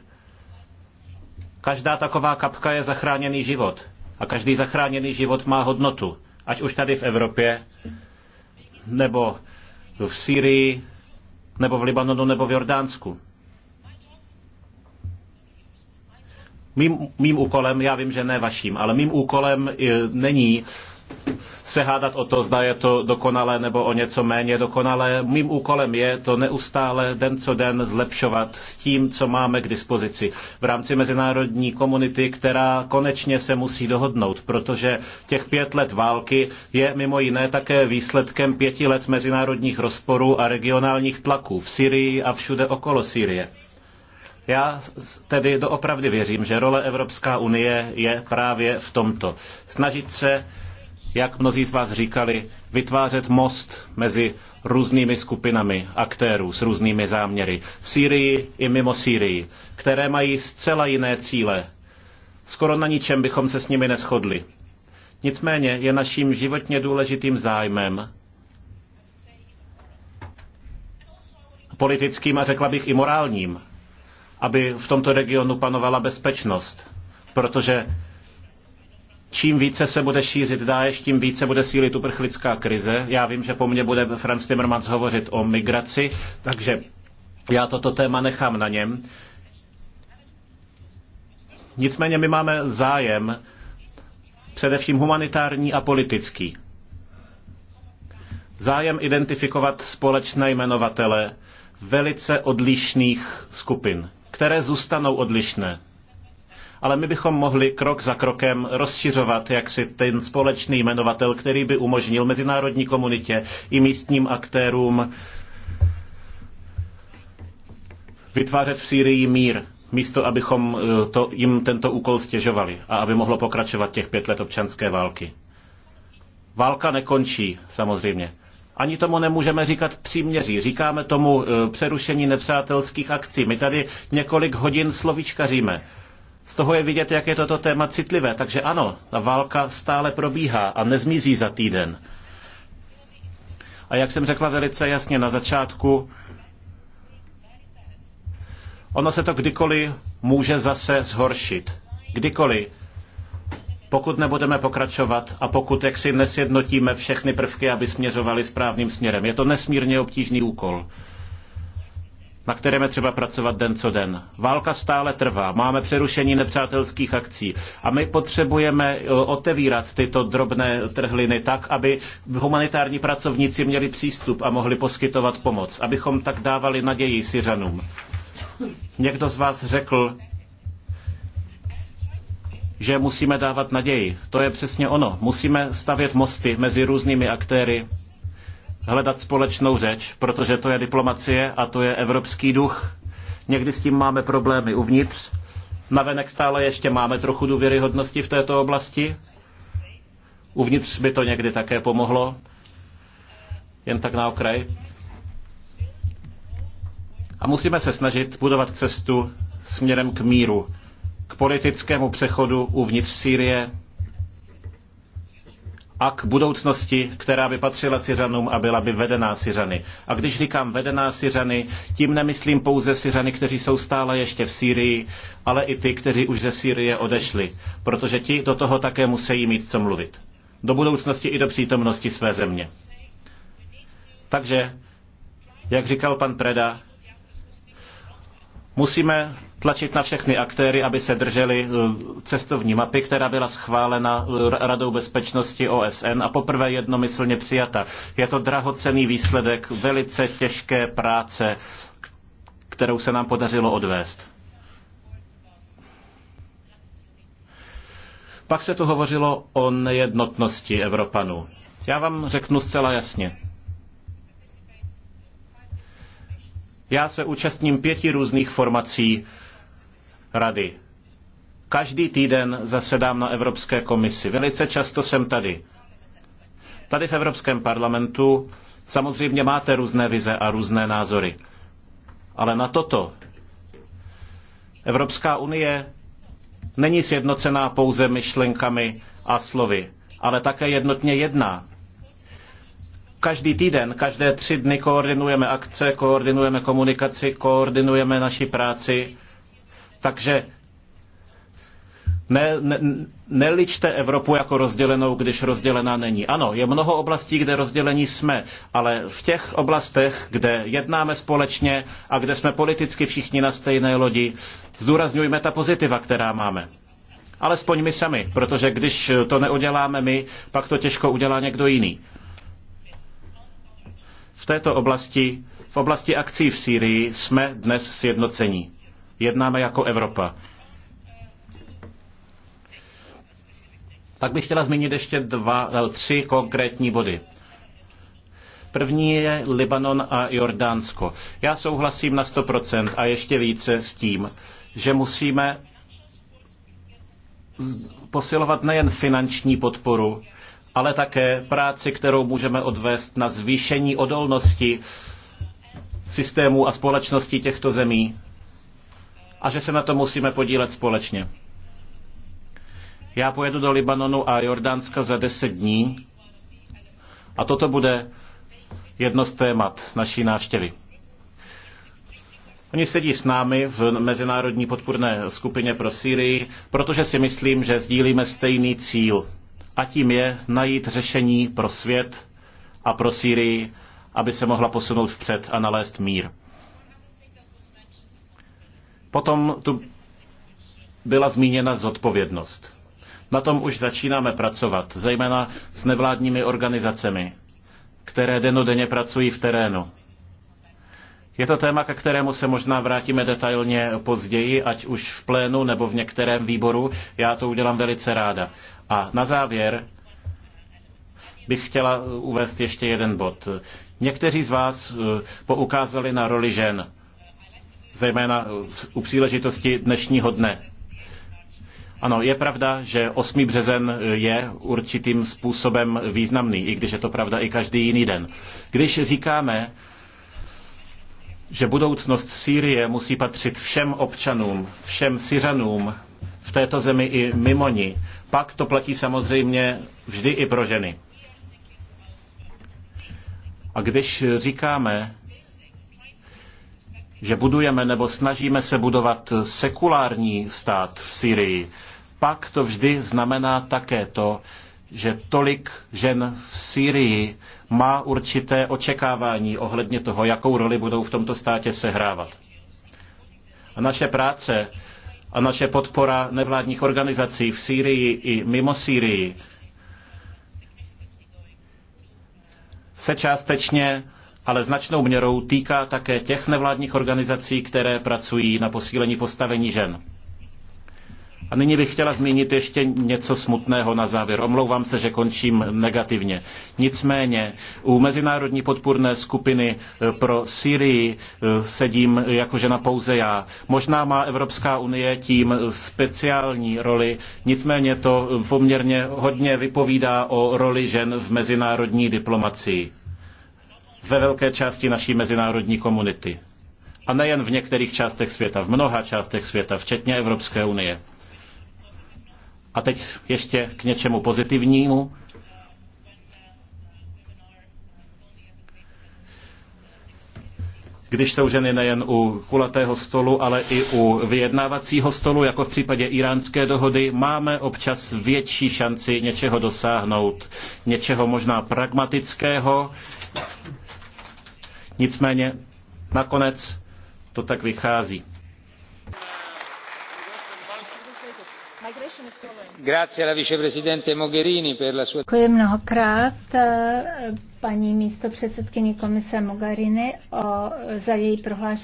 Každá taková kapka je zachráněný život. A každý zachráněný život má hodnotu, ať už tady v Evropě, nebo v Syrii, nebo v Libanonu, nebo v Jordánsku. Mým, mým úkolem, já vím, že ne vaším, ale mým úkolem eh, není se hádat o to, zda je to dokonalé nebo o něco méně dokonalé. Mým úkolem je to neustále den co den zlepšovat s tím, co máme k dispozici v rámci mezinárodní komunity, která konečně se musí dohodnout, protože těch pět let války je mimo jiné také výsledkem pěti let mezinárodních rozporů a regionálních tlaků v Syrii a všude okolo Syrie. Já tedy doopravdy věřím, že role Evropská unie je právě v tomto. Snažit se jak mnozí z vás říkali, vytvářet most mezi různými skupinami aktérů s různými záměry v Sýrii i mimo Sýrii, které mají zcela jiné cíle. Skoro na ničem bychom se s nimi neschodli. Nicméně je naším životně důležitým zájmem, politickým a řekla bych i morálním, aby v tomto regionu panovala bezpečnost, protože čím více se bude šířit Daesh, tím více bude sílit uprchlická krize. Já vím, že po mně bude Franz Timmermans hovořit o migraci, takže já toto téma nechám na něm. Nicméně my máme zájem především humanitární a politický. Zájem identifikovat společné jmenovatele velice odlišných skupin, které zůstanou odlišné ale my bychom mohli krok za krokem rozšiřovat jaksi ten společný jmenovatel, který by umožnil mezinárodní komunitě i místním aktérům vytvářet v Sýrii mír místo abychom eh, to, jim tento úkol stěžovali a aby mohlo pokračovat těch pět let občanské války. Válka nekončí, samozřejmě. Ani tomu nemůžeme říkat příměří. Říkáme tomu eh, přerušení nepřátelských akcí. My tady několik hodin slovíčkaříme. Z toho je vidět, jak je toto téma citlivé. Takže ano, ta válka stále probíhá a nezmizí za týden. A jak jsem řekla velice jasně na začátku, ono se to kdykoliv může zase zhoršit. Kdykoliv. Pokud nebudeme pokračovat a pokud jaksi nesjednotíme všechny prvky, aby směřovali správným směrem. Je to nesmírně obtížný úkol na kterém je třeba pracovat den co den. Válka stále trvá, máme přerušení nepřátelských akcí a my potřebujeme e, otevírat tyto drobné trhliny tak, aby humanitární pracovníci měli přístup a mohli poskytovat pomoc, abychom tak dávali naději Syřanům. Někdo z vás řekl, že musíme dávat naději. To je přesně ono. Musíme stavět mosty mezi různými aktéry hledat společnou řeč, protože to je diplomacie a to je evropský duch. Někdy s tím máme problémy uvnitř. Navenek stále ještě máme trochu důvěryhodnosti v této oblasti. Uvnitř by to někdy také pomohlo. Jen tak na okraj. A musíme se snažit budovat cestu směrem k míru, k politickému přechodu uvnitř Sýrie, a k budoucnosti, která by patřila Syřanům a byla by vedená Syřany. A když říkám vedená Syřany, tím nemyslím pouze Syřany, kteří jsou stále ještě v Sýrii, ale i ty, kteří už ze Sýrie odešli, protože ti do toho také musí mít co mluvit. Do budoucnosti i do přítomnosti své země. Takže, jak říkal pan Preda, Musíme tlačit na všechny aktéry, aby se drželi eh, cestovní mapy, která byla schválena eh, Radou bezpečnosti OSN a poprvé jednomyslně přijata. Je to drahocený výsledek velice těžké práce, kterou se nám podařilo odvést. Pak se tu hovořilo o nejednotnosti Evropanů. Já vám řeknu zcela jasně. Já se účastním pěti různých formací rady. Každý týden zasedám na Evropské komisi. Velice často jsem tady. Tady v Evropském parlamentu samozřejmě máte různé vize a různé názory. Ale na toto Evropská unie není sjednocená pouze myšlenkami a slovy, ale také jednotně jedná každý týden, každé tři dny koordinujeme akce, koordinujeme komunikaci, koordinujeme naši práci. Takže ne, ne, neličte Evropu jako rozdělenou, když rozdělená není. Ano, je mnoho oblastí, kde rozdělení jsme, ale v těch oblastech, kde jednáme společně a kde jsme politicky všichni na stejné lodi, zdůrazňujme ta pozitiva, která máme. Alespoň my sami, protože když to neuděláme my, pak to těžko udělá někdo jiný. V této oblasti, v oblasti akcí v Sýrii, jsme dnes sjednocení. Jednáme jako Evropa. Tak bych chtěla zmínit ještě dva, e, tři konkrétní body. První je Libanon a Jordánsko. Já souhlasím na 100% a ještě více s tím, že musíme posilovat nejen finanční podporu, ale také práci, kterou můžeme odvést na zvýšení odolnosti systémů a společností těchto zemí a že se na to musíme podílet společně. Já pojedu do Libanonu a Jordánska za deset dní a toto bude jedno z témat naší návštěvy. Oni sedí s námi v Mezinárodní podpůrné skupině pro Syrii, protože si myslím, že sdílíme stejný cíl – a tím je najít řešení pro svět a pro Sýrii, aby se mohla posunout vpřed a nalézt mír. Potom tu byla zmíněna zodpovědnost. Na tom už začínáme pracovat, zejména s nevládními organizacemi, které denodenně pracují v terénu. Je to téma, ke kterému se možná vrátíme detailně později, ať už v plénu nebo v některém výboru. Já to udělám velice ráda. A na závěr bych chtěla uvést ještě jeden bod. Někteří z vás eh, poukázali na roli žen, zejména eh, u příležitosti dnešního dne. Ano, je pravda, že 8. březen eh, je určitým způsobem významný, i když je to pravda i každý jiný den. Když říkáme, že budoucnost Sýrie musí patřit všem občanům, všem Syřanům v této zemi i mimo ní, pak to platí samozřejmě vždy i pro ženy. A když říkáme, že budujeme nebo snažíme se budovat sekulární stát v Syrii, pak to vždy znamená také to, že tolik žen v Sýrii má určité očekávání ohledně toho, jakou roli budou v tomto státě sehrávat. A naše práce a naše podpora nevládních organizací v Sýrii i mimo Sýrii se částečně, ale značnou měrou týká také těch nevládních organizací, které pracují na posílení postavení žen. A nyní bych chtěla zmínit ještě něco smutného na závěr. Omlouvám se, že končím negativně. Nicméně u Mezinárodní podpůrné skupiny eh, pro Syrii eh, sedím jako žena pouze já. Možná má Evropská unie tím eh, speciální roli, nicméně to poměrně hodně vypovídá o roli žen v mezinárodní diplomacii ve velké části naší mezinárodní komunity. A nejen v některých částech světa, v mnoha částech světa, včetně Evropské unie. A teď ještě k něčemu pozitivnímu. když jsou ženy nejen u kulatého stolu, ale i u vyjednávacího stolu, jako v případě iránské dohody, máme občas větší šanci něčeho dosáhnout, něčeho možná pragmatického. Nicméně nakonec to tak vychází.
Děkuji mnohokrát eh, paní místopředsedkyni komise Mogherini o, za její prohlášení.